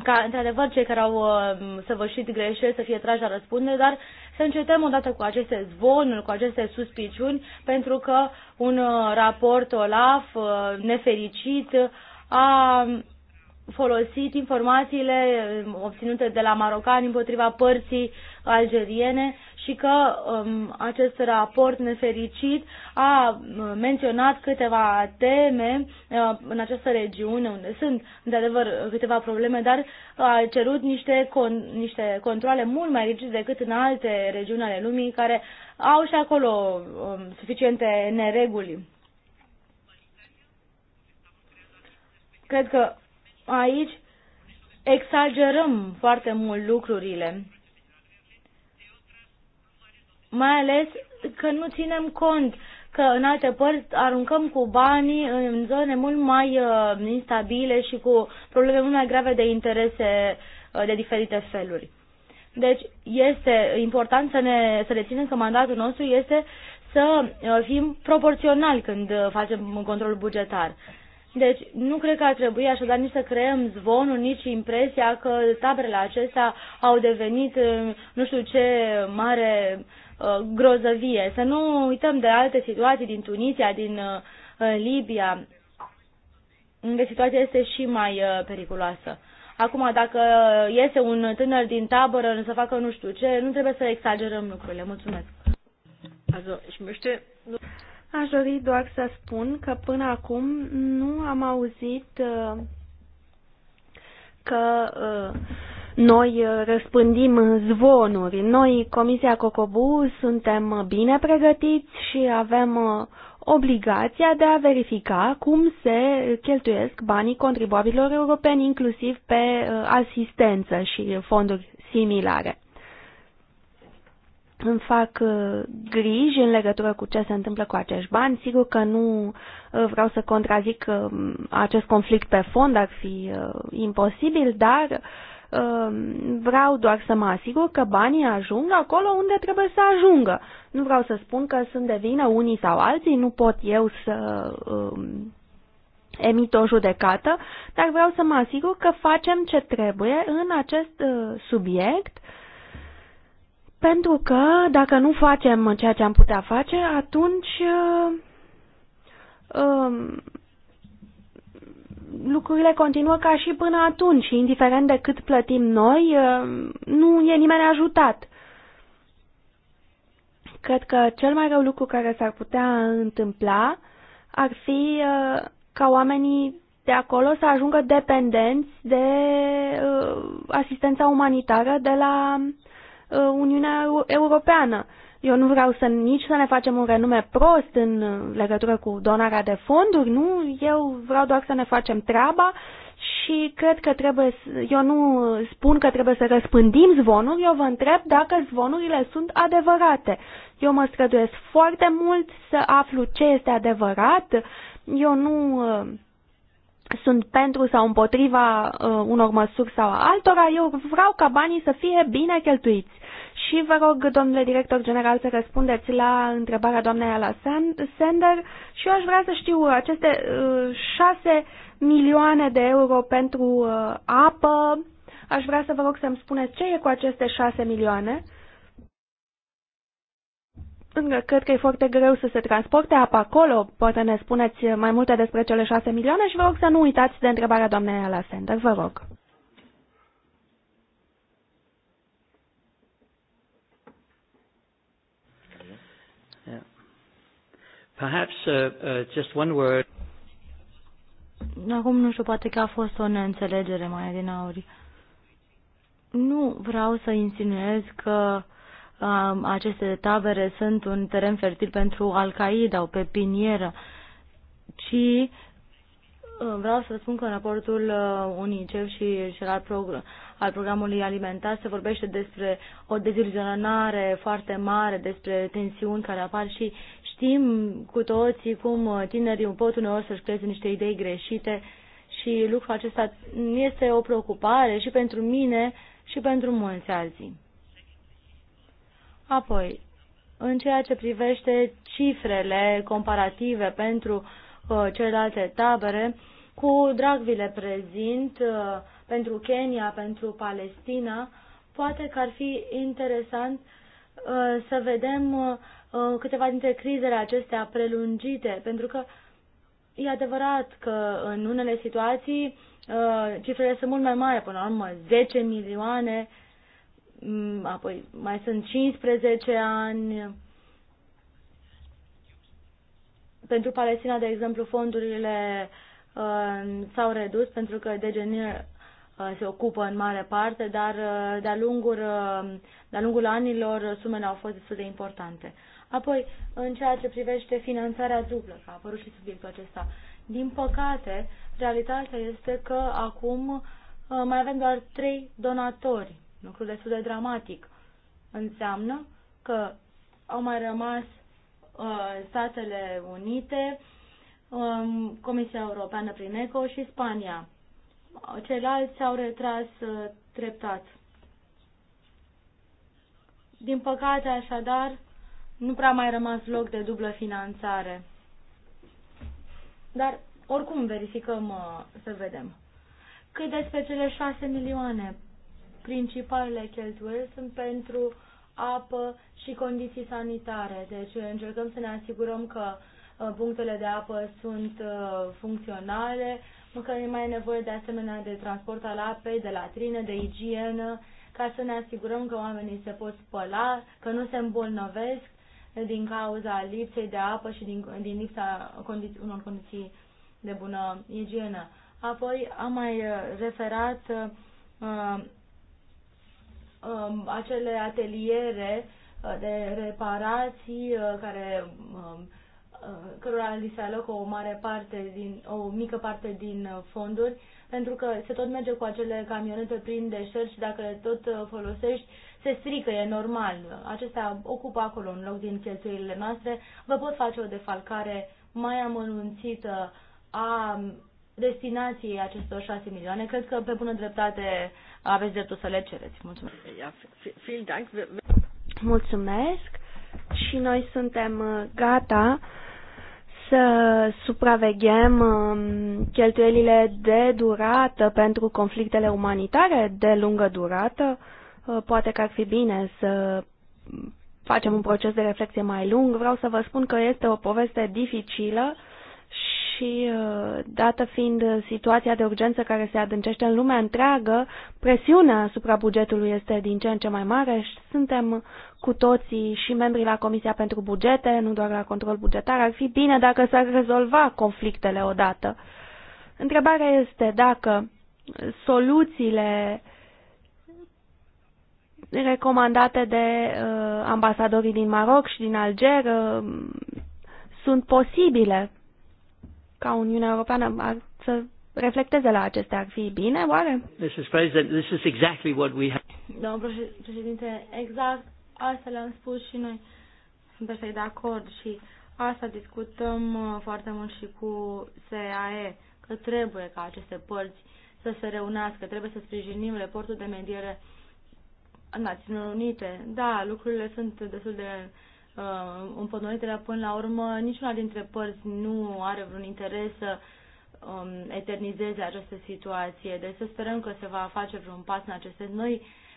[SPEAKER 3] Ca, într-adevăr, cei care au uh, săvârșit greșeli să fie trași la răspundere, dar să încetăm odată cu aceste zvonuri, cu aceste suspiciuni, pentru că un raport OLAF nefericit a folosit informațiile um, obținute de la marocani împotriva părții algeriene și că um, acest raport nefericit a um, menționat câteva teme uh, în această regiune unde sunt într-adevăr câteva probleme, dar a cerut niște, con- niște controle mult mai rigide decât în alte regiuni ale lumii care au și acolo um, suficiente nereguli. Cred că aici exagerăm foarte mult lucrurile, mai ales că nu ținem cont că în alte părți aruncăm cu banii în zone mult mai uh, instabile și cu probleme mult mai grave de interese uh, de diferite feluri. Deci este important să ne să reținem că mandatul nostru este să uh, fim proporționali când uh, facem controlul bugetar. Deci nu cred că ar trebui așadar nici să creăm zvonul, nici impresia că taberele acestea au devenit uh, nu știu ce mare uh, grozăvie. Să nu uităm de alte situații din Tunisia, din uh, Libia, unde situația este și mai periculoasă. Acum, dacă iese un tânăr din tabără să facă nu știu ce, nu trebuie să exagerăm lucrurile. Mulțumesc.
[SPEAKER 1] Also, ich möchte...
[SPEAKER 3] Aș dori doar să spun că până acum nu
[SPEAKER 2] am auzit uh, că uh, noi uh, răspândim zvonuri. Noi, Comisia Cocobu, suntem bine pregătiți și avem obligația de a verifica cum se cheltuiesc banii contribuabililor europeni, inclusiv pe asistență și fonduri similare îmi fac uh, griji în legătură cu ce se întâmplă cu acești bani. Sigur că nu uh, vreau să contrazic um, acest conflict pe fond, ar fi uh, imposibil, dar um, vreau doar să mă asigur că banii ajung acolo unde trebuie să ajungă. Nu vreau să spun că sunt de vină unii sau alții, nu pot eu să um, emit o judecată, dar vreau să mă asigur că facem ce trebuie în acest subiect uh, pentru că dacă nu facem ceea ce am putea face, atunci uh, um, lucrurile continuă ca și până atunci și indiferent de cât plătim noi, uh, nu e nimeni ajutat. Cred că cel mai rău lucru care s-ar putea întâmpla ar fi uh, ca oamenii de acolo să ajungă dependenți de uh, asistența umanitară de la Uh, Uniunea Europeană. Eu nu vreau să nici să ne facem un renume prost în uh, legătură cu donarea de fonduri, nu, eu vreau doar să ne facem treaba și cred că trebuie, eu nu spun că trebuie să răspândim zvonuri, eu vă întreb dacă zvonurile sunt adevărate. Eu mă străduiesc foarte mult să aflu ce este adevărat, eu nu uh, sunt pentru sau împotriva uh, unor măsuri sau altora, eu vreau ca banii să fie bine cheltuiți. Și vă rog, domnule director general, să răspundeți la întrebarea doamnei Ala Sender și eu aș vrea să știu aceste uh, 6 milioane de euro pentru uh, apă, aș vrea să vă rog să-mi spuneți ce e cu aceste 6 milioane Cred că e foarte greu să se transporte apa acolo. Poate ne spuneți mai multe despre cele șase milioane și vă rog să nu uitați de întrebarea doamnei Alassander. Vă rog.
[SPEAKER 1] Perhaps uh, uh, just one word.
[SPEAKER 3] Acum nu știu, poate că a fost o neînțelegere mai din auri. Nu vreau să insinuez că uh, aceste tabere sunt un teren fertil pentru Al-Qaeda, o pepinieră, ci uh, vreau să spun că în raportul uh, UNICEF și cel al, progr al programului alimentar se vorbește despre o deziluzionare foarte mare, despre tensiuni care apar și știm cu toții cum uh, tinerii pot uneori să-și creeze niște idei greșite și lucrul acesta este o preocupare și pentru mine și pentru mulți alții. Apoi, în ceea ce privește cifrele comparative pentru uh, celelalte tabere, cu drag vi le prezint uh, pentru Kenya, pentru Palestina, poate că ar fi interesant uh, să vedem uh, uh câteva dintre crizele acestea prelungite, pentru că e adevărat că în unele situații uh, cifrele sunt mult mai mari, până la urmă 10 milioane uh, Mm, apoi mai sunt 15 ani. Pentru Palestina, de exemplu, fondurile uh, s-au redus pentru că degenir uh, se ocupă în mare parte, dar uh, de-a lungul, uh, de lungul anilor sumele au fost destul de importante. Apoi, în ceea ce privește finanțarea dublă, că a apărut și subiectul acesta, din păcate, realitatea este că acum uh, mai avem doar trei donatori lucru destul de dramatic. Înseamnă că au mai rămas uh, Statele Unite, um, Comisia Europeană prin ECO și Spania. Ceilalți s-au retras uh, treptat. Din păcate, așadar, nu prea mai rămas loc de dublă finanțare. Dar, oricum, verificăm uh, să vedem. Cât despre cele șase milioane principalele cheltuieli sunt pentru apă și condiții sanitare. Deci încercăm să ne asigurăm că uh, punctele de apă sunt uh, funcționale, că e mai nevoie de asemenea de transport al apei, de latrine, de igienă, ca să ne asigurăm că oamenii se pot spăla, că nu se îmbolnăvesc din cauza lipsei de apă și din, din lipsa condiții, unor condiții de bună igienă. Apoi am mai uh, referat uh, um, acele ateliere uh, de reparații uh, care um, uh, cărora li se alocă o mare parte din, o mică parte din fonduri, pentru că se tot merge cu acele camionete prin deșert și dacă le tot folosești, se strică, e normal. Acestea ocupă acolo un loc din cheltuielile noastre. Vă pot face o defalcare mai amănunțită a destinației acestor 6 milioane. Cred că pe bună dreptate aveți dreptul să le cereți.
[SPEAKER 1] Mulțumesc.
[SPEAKER 2] Mulțumesc și noi suntem uh, gata să supraveghem um, cheltuielile de durată pentru conflictele umanitare de lungă durată. Uh, poate că ar fi bine să facem un proces de reflexie mai lung. Vreau să vă spun că este o poveste dificilă și uh, dată fiind uh, situația de urgență care se adâncește în lumea întreagă, presiunea asupra bugetului este din ce în ce mai mare și suntem cu toții și membrii la Comisia pentru Bugete, nu doar la control bugetar, ar fi bine dacă s-ar rezolva conflictele odată. Întrebarea este dacă soluțiile recomandate de uh, ambasadorii din Maroc și din Alger uh, sunt posibile ca Uniunea Europeană să reflecteze la acestea ar fi bine, oare?
[SPEAKER 1] Mrs. President, this is exactly what we have.
[SPEAKER 3] Domnul președinte, exact asta le-am spus și noi. Sunt perfect de acord și asta discutăm uh, foarte mult și cu SAE, că trebuie ca aceste părți să se reunească, trebuie să sprijinim reportul de mediere în Națiunile Unite. Da, lucrurile sunt destul de uh, împodoritele până la urmă niciuna dintre părți nu are vreun interes să um, eternizeze această situație. Deci să sperăm că se va face vreun pas în acest sens. Noi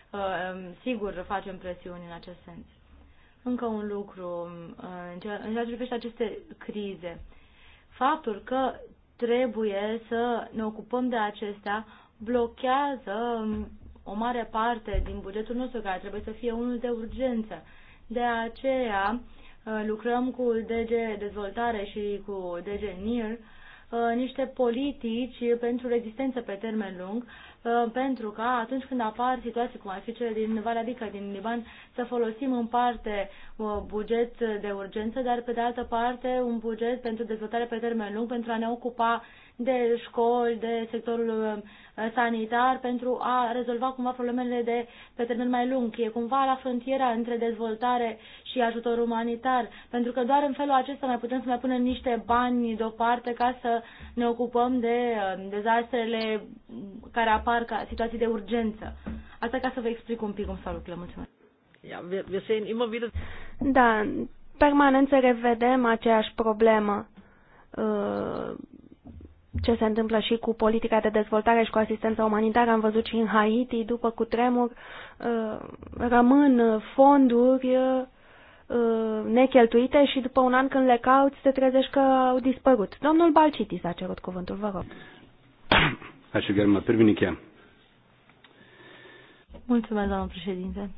[SPEAKER 3] uh, um, sigur facem presiuni în acest sens. Încă un lucru uh, în ceea ce privește aceste crize. Faptul că trebuie să ne ocupăm de acestea blochează um, o mare parte din bugetul nostru care trebuie să fie unul de urgență. Uh, de aceea uh, lucrăm cu DG Dezvoltare și cu DG NIR uh, niște politici pentru rezistență pe termen lung, uh, pentru ca atunci când apar situații cum ar fi cele din Valea Dică din Liban, să folosim în parte buget de urgență, dar pe de altă parte un buget pentru dezvoltare pe termen lung, pentru a ne ocupa de școli, de sectorul uh, sanitar, pentru a rezolva cumva problemele de pe termen mai lung. E cumva la frontiera între dezvoltare și ajutor umanitar, pentru că doar în felul acesta mai putem să mai punem niște bani deoparte ca să ne ocupăm de uh, dezastrele care apar ca situații de urgență. Asta ca să vă explic un pic cum stau lucrurile. Mulțumesc. Da, permanent
[SPEAKER 2] să revedem aceeași problemă. Uh, ce se întâmplă și cu politica de dezvoltare și cu asistența umanitară. Am văzut și în Haiti, după cutremur, uh, rămân fonduri uh, uh, necheltuite și după un an când le cauți te trezești că au dispărut. Domnul Balcitis a cerut cuvântul, vă rog. Așa, Germa, pervinichea.
[SPEAKER 3] Mulțumesc, doamnă președinte.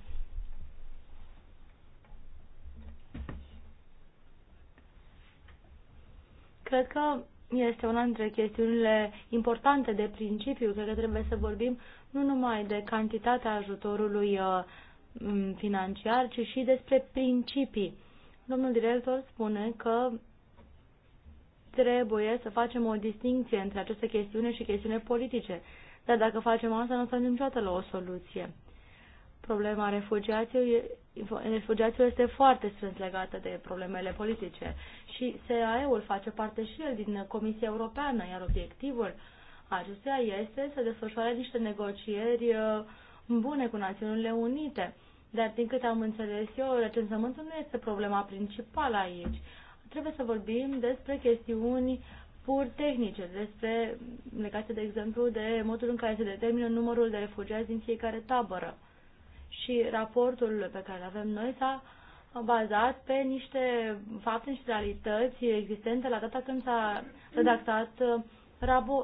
[SPEAKER 3] Cred că este una dintre chestiunile importante de principiu. Cred că trebuie să vorbim nu numai de cantitatea ajutorului uh, financiar, ci și despre principii. Domnul director spune că trebuie să facem o distinție între aceste chestiune și chestiune politice. Dar dacă facem asta, nu o să niciodată la o soluție problema refugiaților este foarte strâns legată de problemele politice și SAE-ul face parte și el din Comisia Europeană, iar obiectivul acestuia este să desfășoare niște negocieri uh, bune cu Națiunile Unite. Dar din câte am înțeles eu, recensământul nu este problema principală aici. Trebuie să vorbim despre chestiuni pur tehnice, despre, legate de exemplu de modul în care se determină numărul de refugiați din fiecare tabără și raportul pe care îl avem noi s-a bazat pe niște fapte, niște realități existente la data când s-a redactat uh,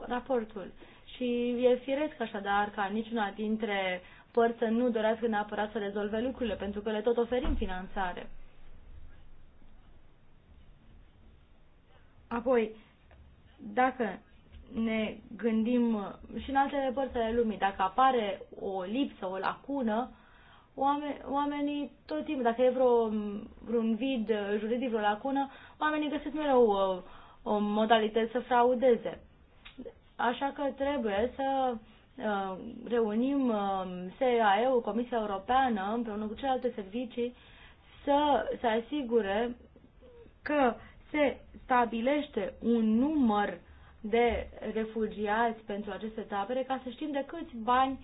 [SPEAKER 3] raportul. Și e firesc așadar ca niciuna dintre părți să nu dorească neapărat să rezolve lucrurile, pentru că le tot oferim finanțare. Apoi, dacă ne gândim și în alte părți ale lumii, dacă apare o lipsă, o lacună, oameni, oamenii tot timpul, dacă e vreo, vreun vid uh, juridic, vreo lacună, oamenii găsesc mereu o, uh, o modalitate să fraudeze. Așa că trebuie să uh, reunim uh, SEAE-ul, Comisia Europeană, împreună cu celelalte servicii, să se asigure că se stabilește un număr de refugiați pentru aceste tabere ca să știm de câți bani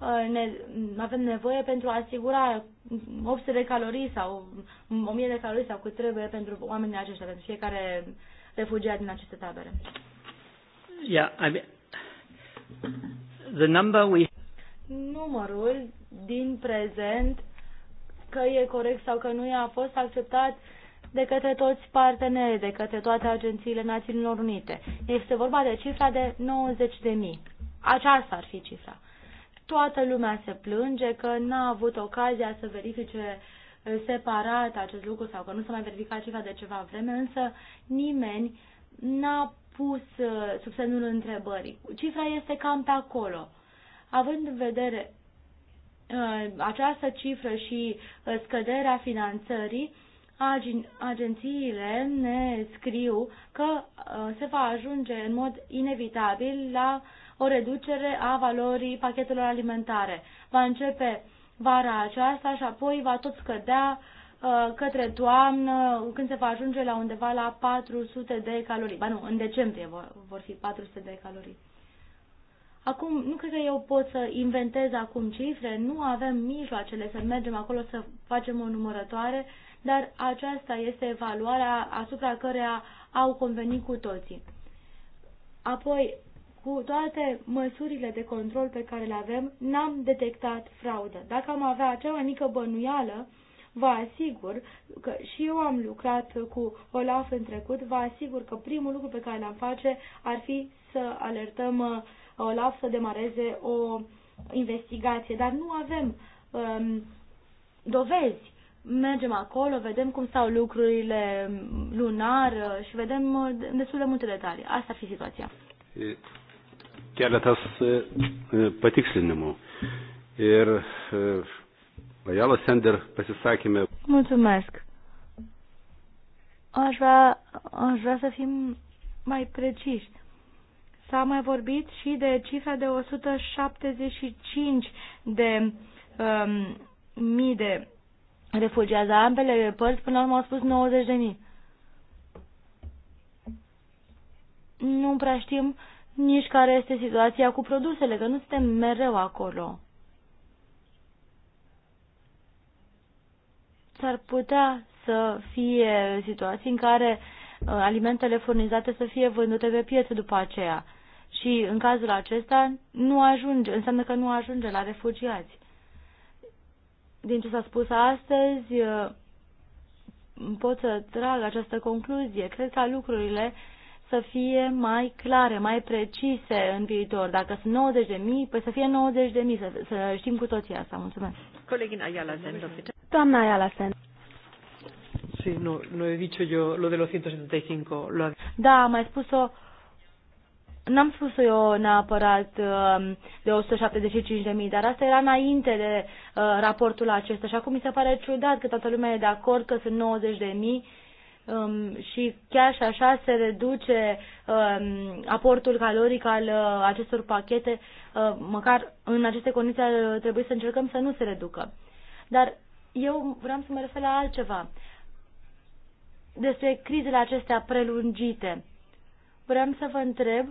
[SPEAKER 3] Uh, ne, avem nevoie pentru a asigura 800 de calorii sau 1000 de calorii sau cât trebuie pentru oamenii aceștia, pentru fiecare refugiat din aceste tabere.
[SPEAKER 1] Yeah, I mean, the number we...
[SPEAKER 3] Numărul din prezent, că e corect sau că nu e, a fost acceptat de către toți partenerii, de către toate agențiile Națiunilor Unite. Este vorba de cifra de 90.000. Aceasta ar fi cifra. Toată lumea se plânge că n-a avut ocazia să verifice eh, separat acest lucru sau că nu s-a mai verificat ceva de ceva vreme, însă nimeni n-a pus eh, sub semnul întrebării. Cifra este cam pe acolo. Având în vedere eh, această cifră și scăderea finanțării, agențiile ne scriu că se va ajunge în mod inevitabil la o reducere a valorii pachetelor alimentare. Va începe vara aceasta și apoi va tot scădea uh, către toamnă, când se va ajunge la undeva la 400 de calorii. Ba nu, în decembrie vor, vor fi 400 de calorii. Acum, nu cred că eu pot să inventez acum cifre, nu avem mijloacele să mergem acolo să facem o numărătoare, dar aceasta este evaluarea asupra căreia au convenit cu toții. Apoi, cu toate măsurile de control pe care le avem, n-am detectat fraudă. Dacă am avea cea mai mică bănuială, vă asigur că și eu am lucrat cu Olaf în trecut, vă asigur că primul lucru pe care l-am face ar fi să alertăm uh, Olaf să demareze o investigație, dar nu avem um, dovezi. Mergem acolo, vedem cum stau lucrurile um, lunar uh, și vedem uh, destul de multe detalii. Asta ar fi situația
[SPEAKER 2] keletas patikslinimų. Ir Vajalo Sender pasisakymė.
[SPEAKER 3] Mulțumesc. Aș vrea, aș vrea să fim mai prečiš. S-a mai vorbit și de cifra de 175 de um, mii de refugiați. Ambele părți până la urmă au spus 90 de mii. Nu prea știm nici care este situația cu produsele, că nu suntem mereu acolo. S-ar putea să fie situații în care uh, alimentele furnizate să fie vândute pe piețe după aceea. Și în cazul acesta nu ajunge, înseamnă că nu ajunge la refugiați. Din ce s-a spus astăzi, uh, pot să trag această concluzie. Cred că lucrurile uh, să fie mai clare, mai precise în viitor. Dacă sunt 90.000, păi să fie 90.000. să, să știm cu toții asta. Mulțumesc.
[SPEAKER 1] Colegina Ayala Sen, Doamna Ayala Sen. Sí, no, no he dicho yo lo de los 175. Lo... Da, am mai spus-o. N-am spus
[SPEAKER 3] eu neapărat um, de 175.000, dar asta era înainte de uh, raportul acesta și acum mi se pare ciudat că toată lumea e de acord că sunt 90.000 um, și chiar și așa se reduce um, aportul caloric al uh, acestor pachete, uh, măcar în aceste condiții ar trebui să încercăm să nu se reducă. Dar eu vreau să mă refer la altceva, despre crizele acestea prelungite. Vreau să vă întreb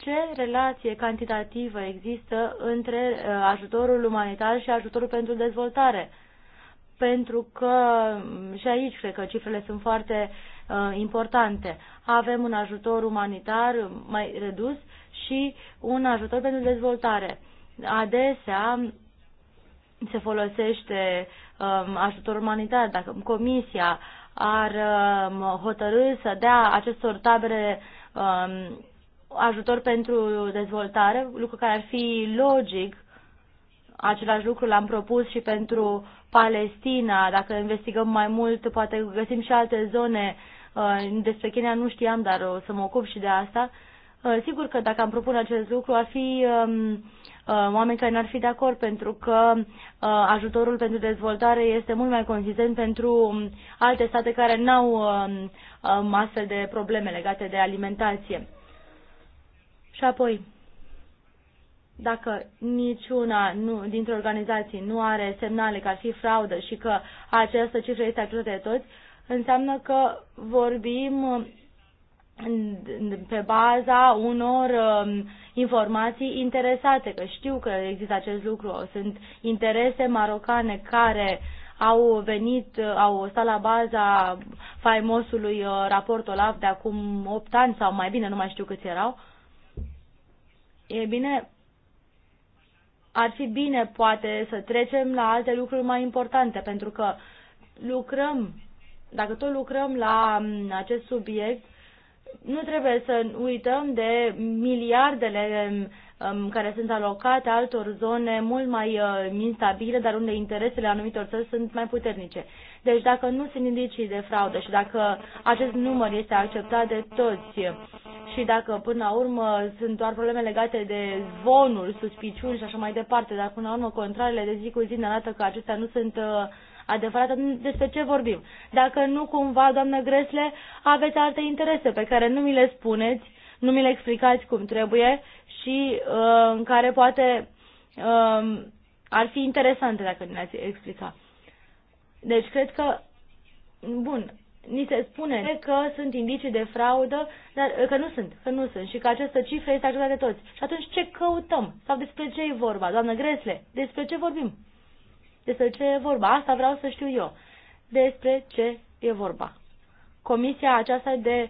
[SPEAKER 3] ce relație cantitativă există între uh, ajutorul umanitar și ajutorul pentru dezvoltare pentru că mm, și aici cred că cifrele sunt foarte uh, importante. Avem un ajutor umanitar mai redus și un ajutor pentru dezvoltare. Adesea se folosește um, ajutor umanitar. Dacă comisia ar um, hotărâ să dea acestor tabere um, ajutor pentru dezvoltare, lucru care ar fi logic Același lucru l-am propus și pentru Palestina. Dacă investigăm mai mult, poate găsim și alte zone. Uh, despre Kenya nu știam, dar o să mă ocup și de asta. Uh, sigur că dacă am propune acest lucru, ar fi um, uh, oameni care n-ar fi de acord, pentru că ajutorul pentru dezvoltare este mult mai consistent pentru um, alte state care n-au um, astfel de probleme legate de alimentație. Și apoi, dacă niciuna nu, dintre organizații nu are semnale că ar fi fraudă și că această cifră este acceptată de toți, înseamnă că vorbim um, pe baza unor um, informații interesate, că știu că există acest lucru. Sunt interese marocane care au venit, au stat la baza faimosului uh, raport OLAF de acum 8 ani sau mai bine, nu mai știu câți erau. E bine, ar fi bine poate să trecem la alte lucruri mai importante, pentru că lucrăm, dacă tot lucrăm la acest subiect, nu trebuie să uităm de miliardele care sunt alocate altor zone mult mai uh, instabile, dar unde interesele anumitor țări sunt mai puternice. Deci dacă nu sunt indicii de fraudă și dacă acest număr este acceptat de toți, și dacă până la urmă sunt doar probleme legate de zvonuri, suspiciuni și așa mai departe, dar până la urmă contrarele de zi cu zi ne arată că acestea nu sunt uh, adevărate, despre ce vorbim? Dacă nu cumva, doamnă Gresle, aveți alte interese pe care nu mi le spuneți, nu mi le explicați cum trebuie și uh, în care poate uh, ar fi interesante dacă ne le-ați explica. Deci cred că, bun, ni se spune că sunt indicii de fraudă, dar uh, că nu sunt, că nu sunt și că această cifră este ajutată de toți. Și atunci ce căutăm? Sau despre ce e vorba? Doamnă Gresle, despre ce vorbim? Despre ce e vorba? Asta vreau să știu eu. Despre ce e vorba? Comisia aceasta de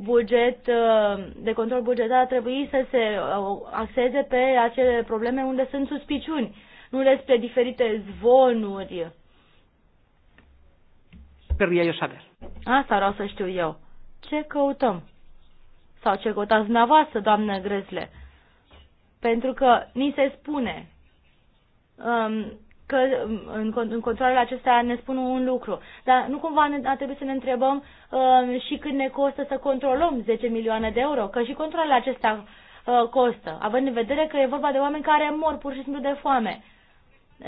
[SPEAKER 3] buget, uh, de control bugetar, trebuie să se uh, axeze pe acele probleme unde sunt suspiciuni, nu despre diferite zvonuri
[SPEAKER 1] querría eu saber.
[SPEAKER 3] Asta vreau să știu eu. Ce căutăm? Sau ce căutați dumneavoastră, doamnă Grezle? Pentru că ni se spune um, că um, în, în controlele acestea ne spun un lucru. Dar nu cumva ne, ar să ne întrebăm um, și cât ne costă să controlăm 10 milioane de euro, că și controlele acestea uh, costă, având în vedere că e vorba de oameni care mor pur și simplu de foame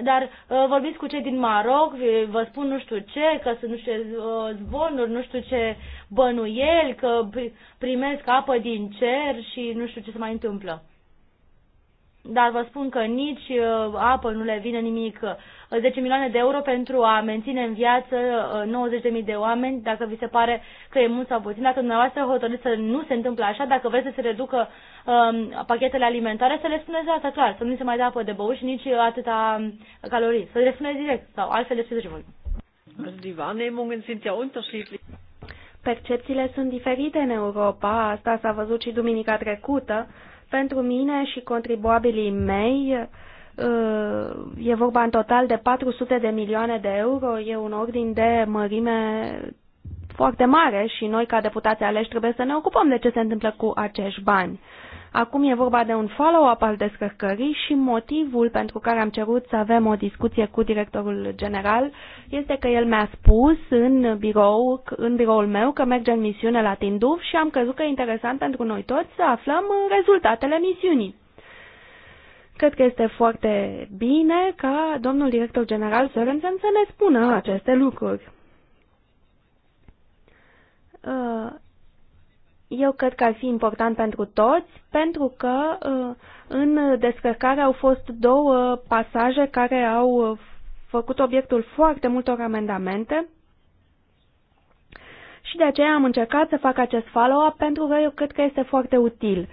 [SPEAKER 3] dar uh, vorbiți cu cei din Maroc, vă spun nu știu ce, că sunt nu știu uh, zvonuri, nu știu ce bănuieli, că primesc apă din cer și nu știu ce se mai întâmplă dar vă spun că nici uh, apă nu le vine nimic. 10 uh, milioane de euro pentru a menține în viață 90.000 uh, de oameni, dacă vi se pare că e mult sau puțin, dacă dumneavoastră hotărâți să nu se întâmple așa, dacă vreți să se reducă um, pachetele alimentare, să le spuneți asta clar, să nu se mai dea apă de băut și nici atâta um, calorii, să le spuneți direct sau altfel le spuneți voi.
[SPEAKER 2] Percepțiile sunt diferite în Europa, asta s-a văzut și duminica trecută pentru mine și contribuabilii mei uh, e vorba în total de 400 de milioane de euro, e un ordin de mărime foarte mare și noi ca deputați aleși trebuie să ne ocupăm de ce se întâmplă cu acești bani. Acum e vorba de un follow-up al descărcării și motivul pentru care am cerut să avem o discuție cu directorul general este că el mi-a spus în, birou, în biroul meu că merge în misiune la Tinduf și am crezut că e interesant pentru noi toți să aflăm rezultatele misiunii. Cred că este foarte bine ca domnul director general Sorensen să ne spună aceste lucruri. Uh, eu cred că ar fi important pentru toți, pentru că uh, în descărcare au fost două pasaje care au făcut obiectul foarte multor amendamente și de aceea am încercat să fac acest follow-up pentru că eu cred că este foarte util.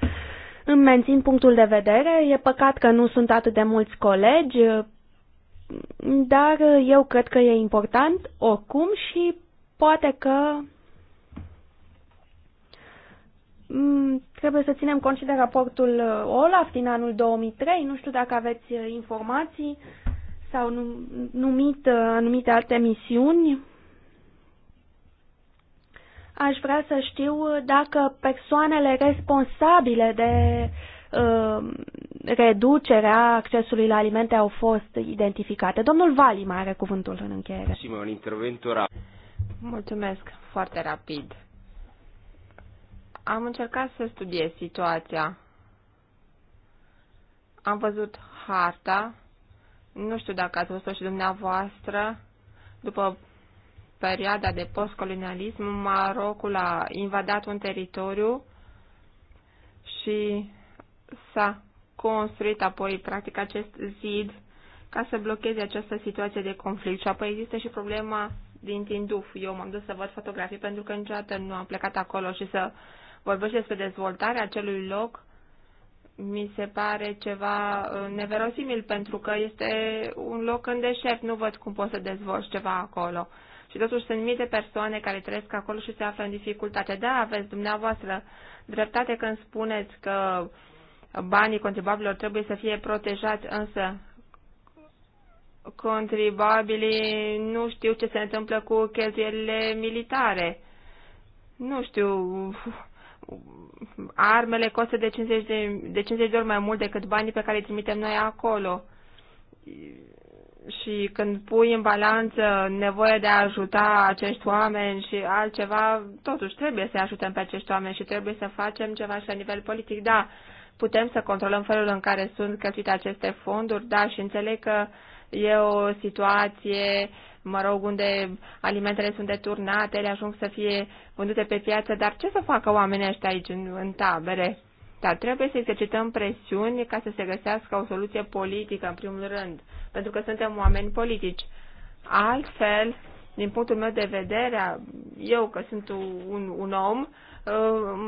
[SPEAKER 2] Îmi mențin punctul de vedere, e păcat că nu sunt atât de mulți colegi, dar eu cred că e important oricum și poate că Mm, trebuie să ținem cont și de raportul uh, OLAF din anul 2003, nu știu dacă aveți uh, informații sau numit uh, anumite alte misiuni. Aș vrea să știu dacă persoanele responsabile de reducerea accesului la alimente au fost identificate.
[SPEAKER 5] Domnul Vali mai are cuvântul în încheiere. Mulțumesc, foarte rapid am încercat să studiez situația. Am văzut harta, nu știu dacă ați văzut-o și dumneavoastră, după perioada de postcolonialism, Marocul a invadat un teritoriu și s-a construit apoi, practic, acest zid ca să blocheze această situație de conflict. Și apoi există și problema din Tinduf. Eu m-am dus să văd fotografii pentru că niciodată nu am plecat acolo și să vorbește despre dezvoltarea acelui loc, mi se pare ceva uh, neverosimil, pentru că este un loc în deșert, nu văd cum poți să dezvolți ceva acolo. Și totuși sunt mii de persoane care trăiesc acolo și se află în dificultate. Da, aveți dumneavoastră dreptate când spuneți că banii contribuabililor trebuie să fie protejați, însă contribuabilii nu știu ce se întâmplă cu cheltuielile militare. Nu știu armele costă de 50 de, de 50 de ori mai mult decât banii pe care îi trimitem noi acolo. Și când pui în balanță nevoia de a ajuta acești oameni și altceva, totuși trebuie să ajutăm pe acești oameni și trebuie să facem ceva și la nivel politic. Da, putem să controlăm felul în care sunt cheltuite aceste fonduri, da, și înțeleg că e o situație uh, mă rog, unde alimentele sunt deturnate, ele ajung să fie vândute pe piață, dar ce să facă oamenii ăștia aici în, în tabere? Dar trebuie să exercităm presiuni ca să se găsească o soluție politică, în primul rând, pentru că suntem oameni politici. Altfel, din punctul meu de vedere, eu că sunt un, un om, uh,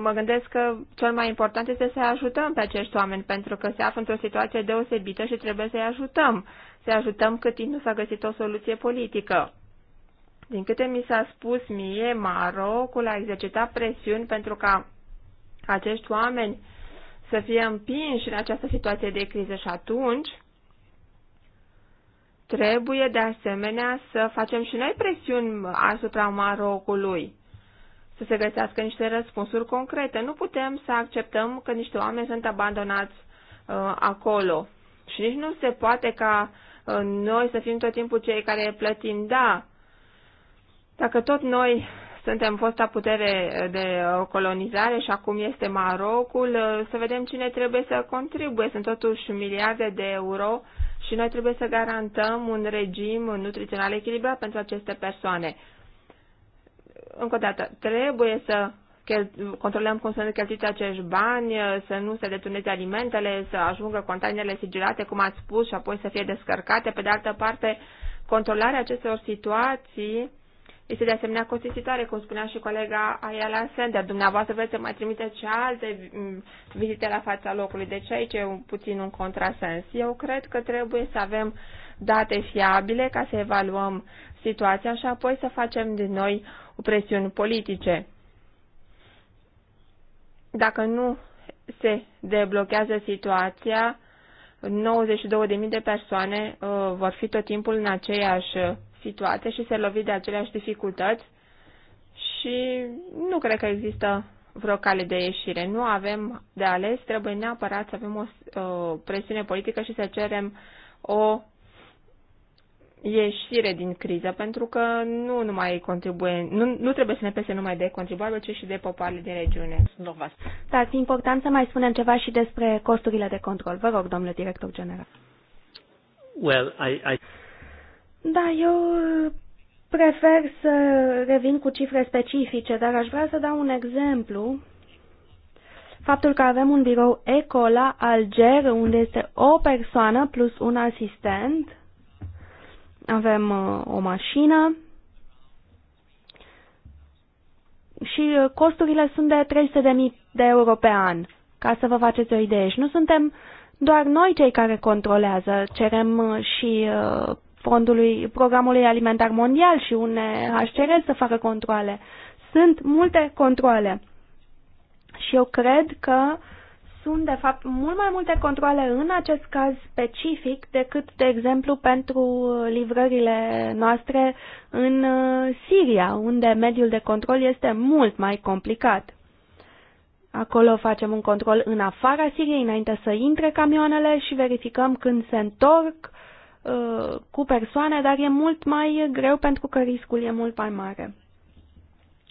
[SPEAKER 5] mă gândesc că cel mai important este să ajutăm pe acești oameni, pentru că se află într-o situație deosebită și trebuie să-i ajutăm să ajutăm cât timp nu s-a găsit o soluție politică. Din câte mi s-a spus mie, Marocul a exercitat presiuni pentru ca acești oameni să fie împinși în această situație de criză și atunci trebuie de asemenea să facem și noi presiuni asupra Marocului, să se găsească niște răspunsuri concrete. Nu putem să acceptăm că niște oameni sunt abandonați uh, acolo. Și nici nu se poate ca uh, noi să fim tot timpul cei care plătim. Da, dacă tot noi suntem fosta putere de colonizare și acum este Marocul, să vedem cine trebuie să contribuie. Sunt totuși miliarde de euro și noi trebuie să garantăm un regim nutrițional echilibrat pentru aceste persoane. Încă o dată, trebuie să controlăm cum sunt cheltuiți acești bani, să nu se deturneze alimentele, să ajungă containerele sigilate, cum ați spus, și apoi să fie descărcate. Pe de altă parte, controlarea acestor situații este de asemenea costisitoare, cum spunea și colega Ayala Sender. Dumneavoastră vreți să mai trimiteți și alte mm, vizite la fața locului. Deci aici e un, puțin un contrasens. Eu cred că trebuie să avem date fiabile ca să evaluăm situația și apoi să facem din noi presiuni politice. Dacă nu se deblochează situația, 92.000 de persoane uh, vor fi tot timpul în aceeași uh, situație și se lovi de aceleași dificultăți și nu cred că există vreo cale de ieșire. Nu avem de ales, trebuie neapărat să avem o uh, presiune politică și să cerem o ieșire din criză, pentru că nu numai contribuie, nu, nu trebuie să ne pese numai de contribuabil, ci și de popoarele din regiune. Da,
[SPEAKER 2] e important să mai spunem ceva și despre costurile de control. Vă rog, domnule director general.
[SPEAKER 1] Well, I, I...
[SPEAKER 2] Da, eu prefer să revin cu cifre specifice, dar aș vrea să dau un exemplu. Faptul că avem un birou ECO la Alger, unde este o persoană plus un asistent, avem uh, o mașină și uh, costurile sunt de 300.000 de euro pe an, ca să vă faceți o idee. Și nu suntem doar noi cei care controlează, cerem uh, și fondului, programului alimentar mondial și UNHCR să facă controle. Sunt multe controle. Și eu cred că uh, sunt, de fapt, mult mai multe controle în acest caz specific decât, de exemplu, pentru livrările noastre în uh, Siria, unde mediul de control este mult mai complicat. Acolo facem un control în afara Siriei, înainte să intre camioanele și verificăm când se întorc uh, cu persoane, dar e mult mai greu pentru că riscul e mult mai mare.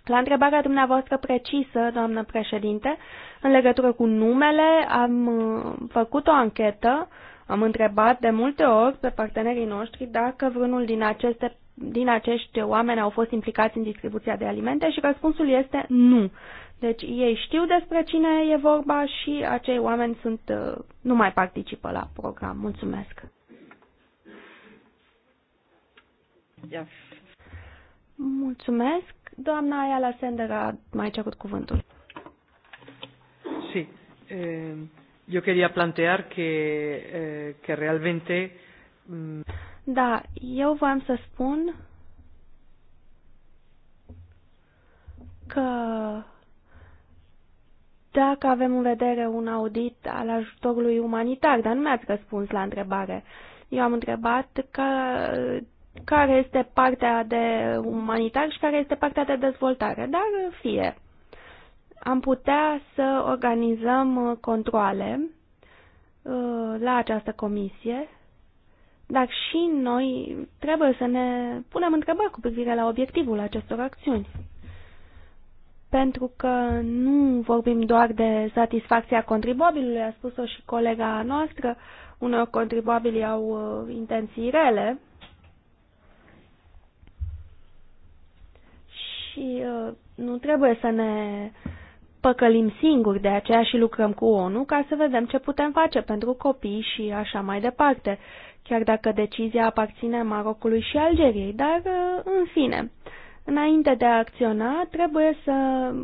[SPEAKER 2] La întrebarea dumneavoastră precisă, doamnă președinte, în legătură cu numele, am uh, făcut o anchetă, am întrebat de multe ori pe partenerii noștri dacă vreunul din, aceste, din acești oameni au fost implicați în distribuția de alimente și răspunsul este nu. Deci ei știu despre cine e vorba și acei oameni sunt, uh, nu mai participă la program. Mulțumesc! Yeah. Mulțumesc! Doamna Ayala Sender a mai cerut cuvântul.
[SPEAKER 1] Sí. Eh, yo quería plantear que, eh, que realmente. Mm... Da, eu voiam să spun
[SPEAKER 2] că dacă avem în vedere un audit al ajutorului umanitar, dar nu mi-ați răspuns la întrebare. Eu am întrebat că, care este partea de umanitar și care este partea de dezvoltare, dar fie am putea să organizăm uh, controle uh, la această comisie, dar și noi trebuie să ne punem întrebări cu privire la obiectivul acestor acțiuni. Pentru că nu vorbim doar de satisfacția contribuabilului, a spus-o și colega noastră, unor contribuabili au uh, intenții rele și nu trebuie să ne uh, păcălim singuri, de aceea și lucrăm cu ONU ca să vedem ce putem face pentru copii și așa mai departe, chiar dacă decizia aparține Marocului și Algeriei, dar uh, în fine. Înainte de a acționa, trebuie să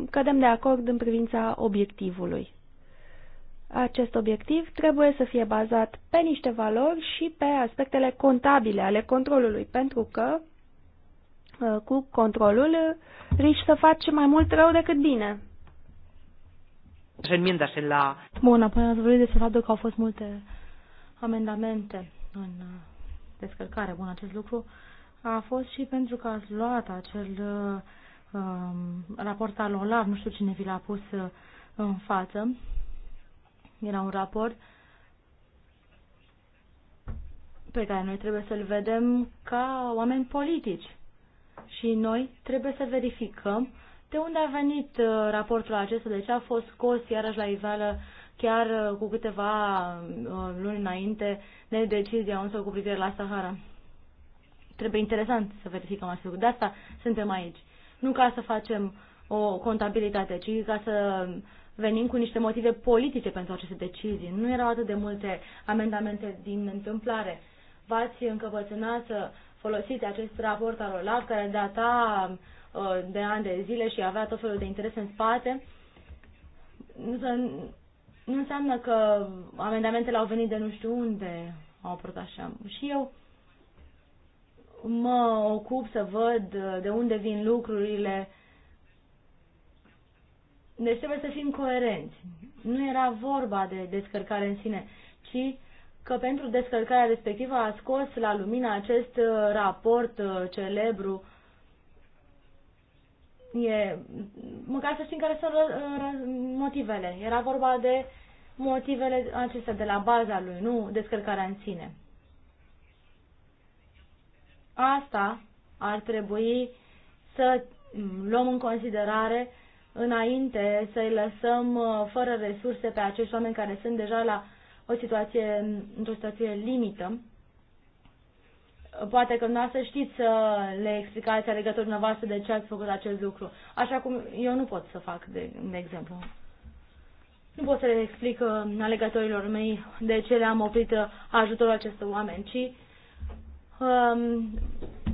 [SPEAKER 2] cădem de acord în privința obiectivului. Acest obiectiv trebuie să fie bazat pe niște valori și pe aspectele contabile ale controlului, pentru că uh, cu controlul uh, riști să faci
[SPEAKER 3] mai mult rău decât bine
[SPEAKER 1] enmiendas en la...
[SPEAKER 3] Bueno, apoi ați vorbit despre faptul că au fost multe amendamente în uh, descărcare. Bun, acest lucru a fost și pentru că ați luat acel uh, um, raport al OLAV, nu știu cine vi l-a pus uh, în față. Era un raport pe care noi trebuie să-l vedem ca oameni politici. Și noi trebuie să verificăm de unde a venit uh, raportul acesta? De ce a fost scos iarăși la iveală chiar uh, cu câteva uh, luni înainte de decizia însă cu privire la Sahara? Trebuie interesant să verificăm acest lucru. De asta suntem aici. Nu ca să facem o contabilitate, ci ca să venim cu niște motive politice pentru aceste decizii. Nu erau atât de multe amendamente din întâmplare. V-ați încăpățânat să folosiți acest raport al OLAF care data Uh, de ani de zile și avea tot felul de interese în spate. Nu înseamnă că amendamentele au venit de nu știu unde, au apărut așa. Și eu mă ocup să văd uh, de unde vin lucrurile. Deci trebuie să fim coerenți. Nu era vorba de descărcare în sine, ci că pentru descărcarea respectivă a scos la lumină acest uh, raport celebru e, măcar să știm care sunt ră, ră, motivele. Era vorba de motivele acestea de la baza lui, nu descărcarea în sine. Asta ar trebui să luăm în considerare înainte să-i lăsăm uh, fără resurse pe acești oameni care sunt deja la o situație, într-o situație limită poate că dumneavoastră știți să le explicați alegătorilor dumneavoastră de ce ați făcut acest lucru. Așa cum eu nu pot să fac, de, de exemplu. Nu pot să le explic uh, alegătorilor mei de ce le-am oprit uh, ajutorul acestor oameni, ci um,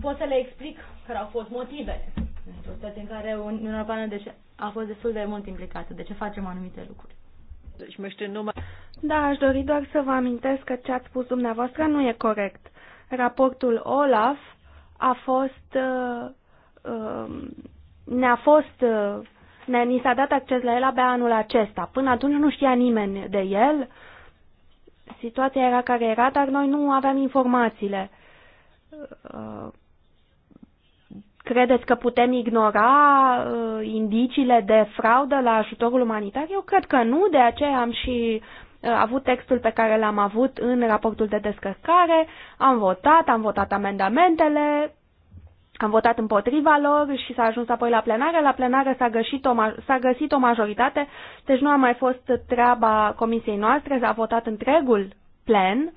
[SPEAKER 3] pot să le explic care au fost motivele într-o în care Uniunea Europeană deci, a fost destul de mult implicată, de ce facem anumite lucruri. Deci,
[SPEAKER 2] da, aș dori doar să vă amintesc că ce ați spus dumneavoastră nu e corect. Raportul OLAF a fost, uh, um, ne-a fost, uh, ne, ni s-a dat acces la el abia anul acesta. Până atunci nu știa nimeni de el. Situația era care era, dar noi nu aveam informațiile. Uh, credeți că putem ignora indiciile de fraudă la ajutorul umanitar? Eu cred că nu, de aceea am și Uh, avut textul pe care l-am avut în raportul de descărcare, am votat, am votat amendamentele, am votat împotriva lor și s-a ajuns apoi la plenară. La plenară s-a găsit, o, s-a găsit o majoritate, deci nu a mai fost treaba comisiei noastre, s-a votat întregul plen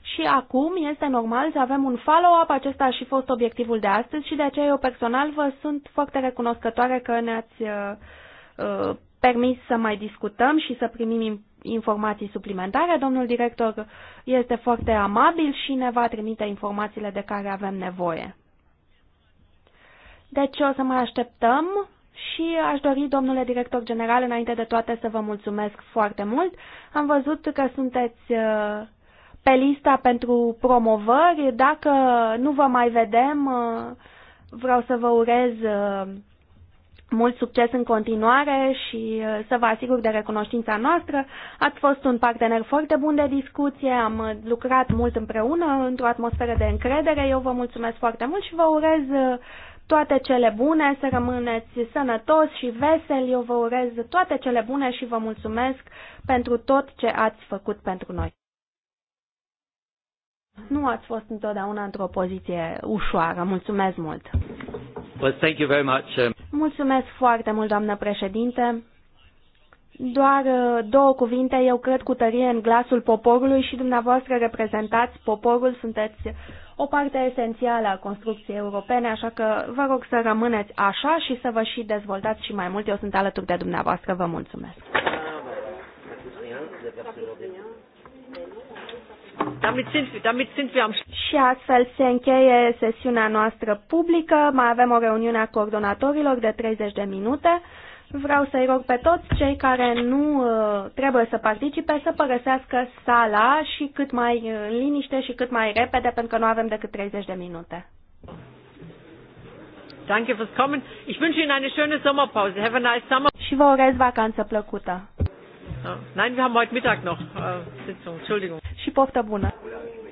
[SPEAKER 2] și acum este normal să avem un follow-up, acesta a și fost obiectivul de astăzi și de aceea eu personal vă sunt foarte recunoscătoare că ne-ați uh, uh, permis să mai discutăm și să primim informații suplimentare. Domnul director este foarte amabil și ne va trimite informațiile de care avem nevoie. Deci o să mai așteptăm și aș dori, domnule director general, înainte de toate să vă mulțumesc foarte mult. Am văzut că sunteți uh, pe lista pentru promovări. Dacă nu vă mai vedem, uh, vreau să vă urez uh, mult succes în continuare și uh, să vă asigur de recunoștința noastră. Ați fost un partener foarte bun de discuție, am uh, lucrat mult împreună într-o atmosferă de încredere. Eu vă mulțumesc foarte mult și vă urez uh, toate cele bune, să rămâneți sănătos și vesel. Eu vă urez toate cele bune și vă mulțumesc pentru tot ce ați făcut pentru noi. Nu ați fost întotdeauna într-o poziție ușoară. Mulțumesc mult!
[SPEAKER 1] thank you very much. Um,
[SPEAKER 2] mulțumesc foarte mult, doamnă președinte. Doar uh, două cuvinte, eu cred cu tărie în glasul poporului și dumneavoastră reprezentați poporul, sunteți o parte esențială a construcției europene, așa că vă rog să rămâneți așa și să vă și dezvoltați și mai mult. Eu sunt alături de dumneavoastră, vă mulțumesc. Și astfel se încheie sesiunea noastră publică. Mai avem o reuniune a coordonatorilor de 30 de minute. Vreau să-i rog pe toți cei care nu uh, trebuie să participe să părăsească sala și cât mai uh, liniște și cât mai repede, pentru că nu avem decât 30 de
[SPEAKER 1] minute. Danke fürs Kommen. Ich wünsche Ihnen eine schöne Sommerpause. Have a nice summer.
[SPEAKER 2] Și vă urez vacanță plăcută.
[SPEAKER 1] Nein, wir haben heute Mittag noch äh, Sitzung.
[SPEAKER 2] Entschuldigung. Și poftă
[SPEAKER 1] bună.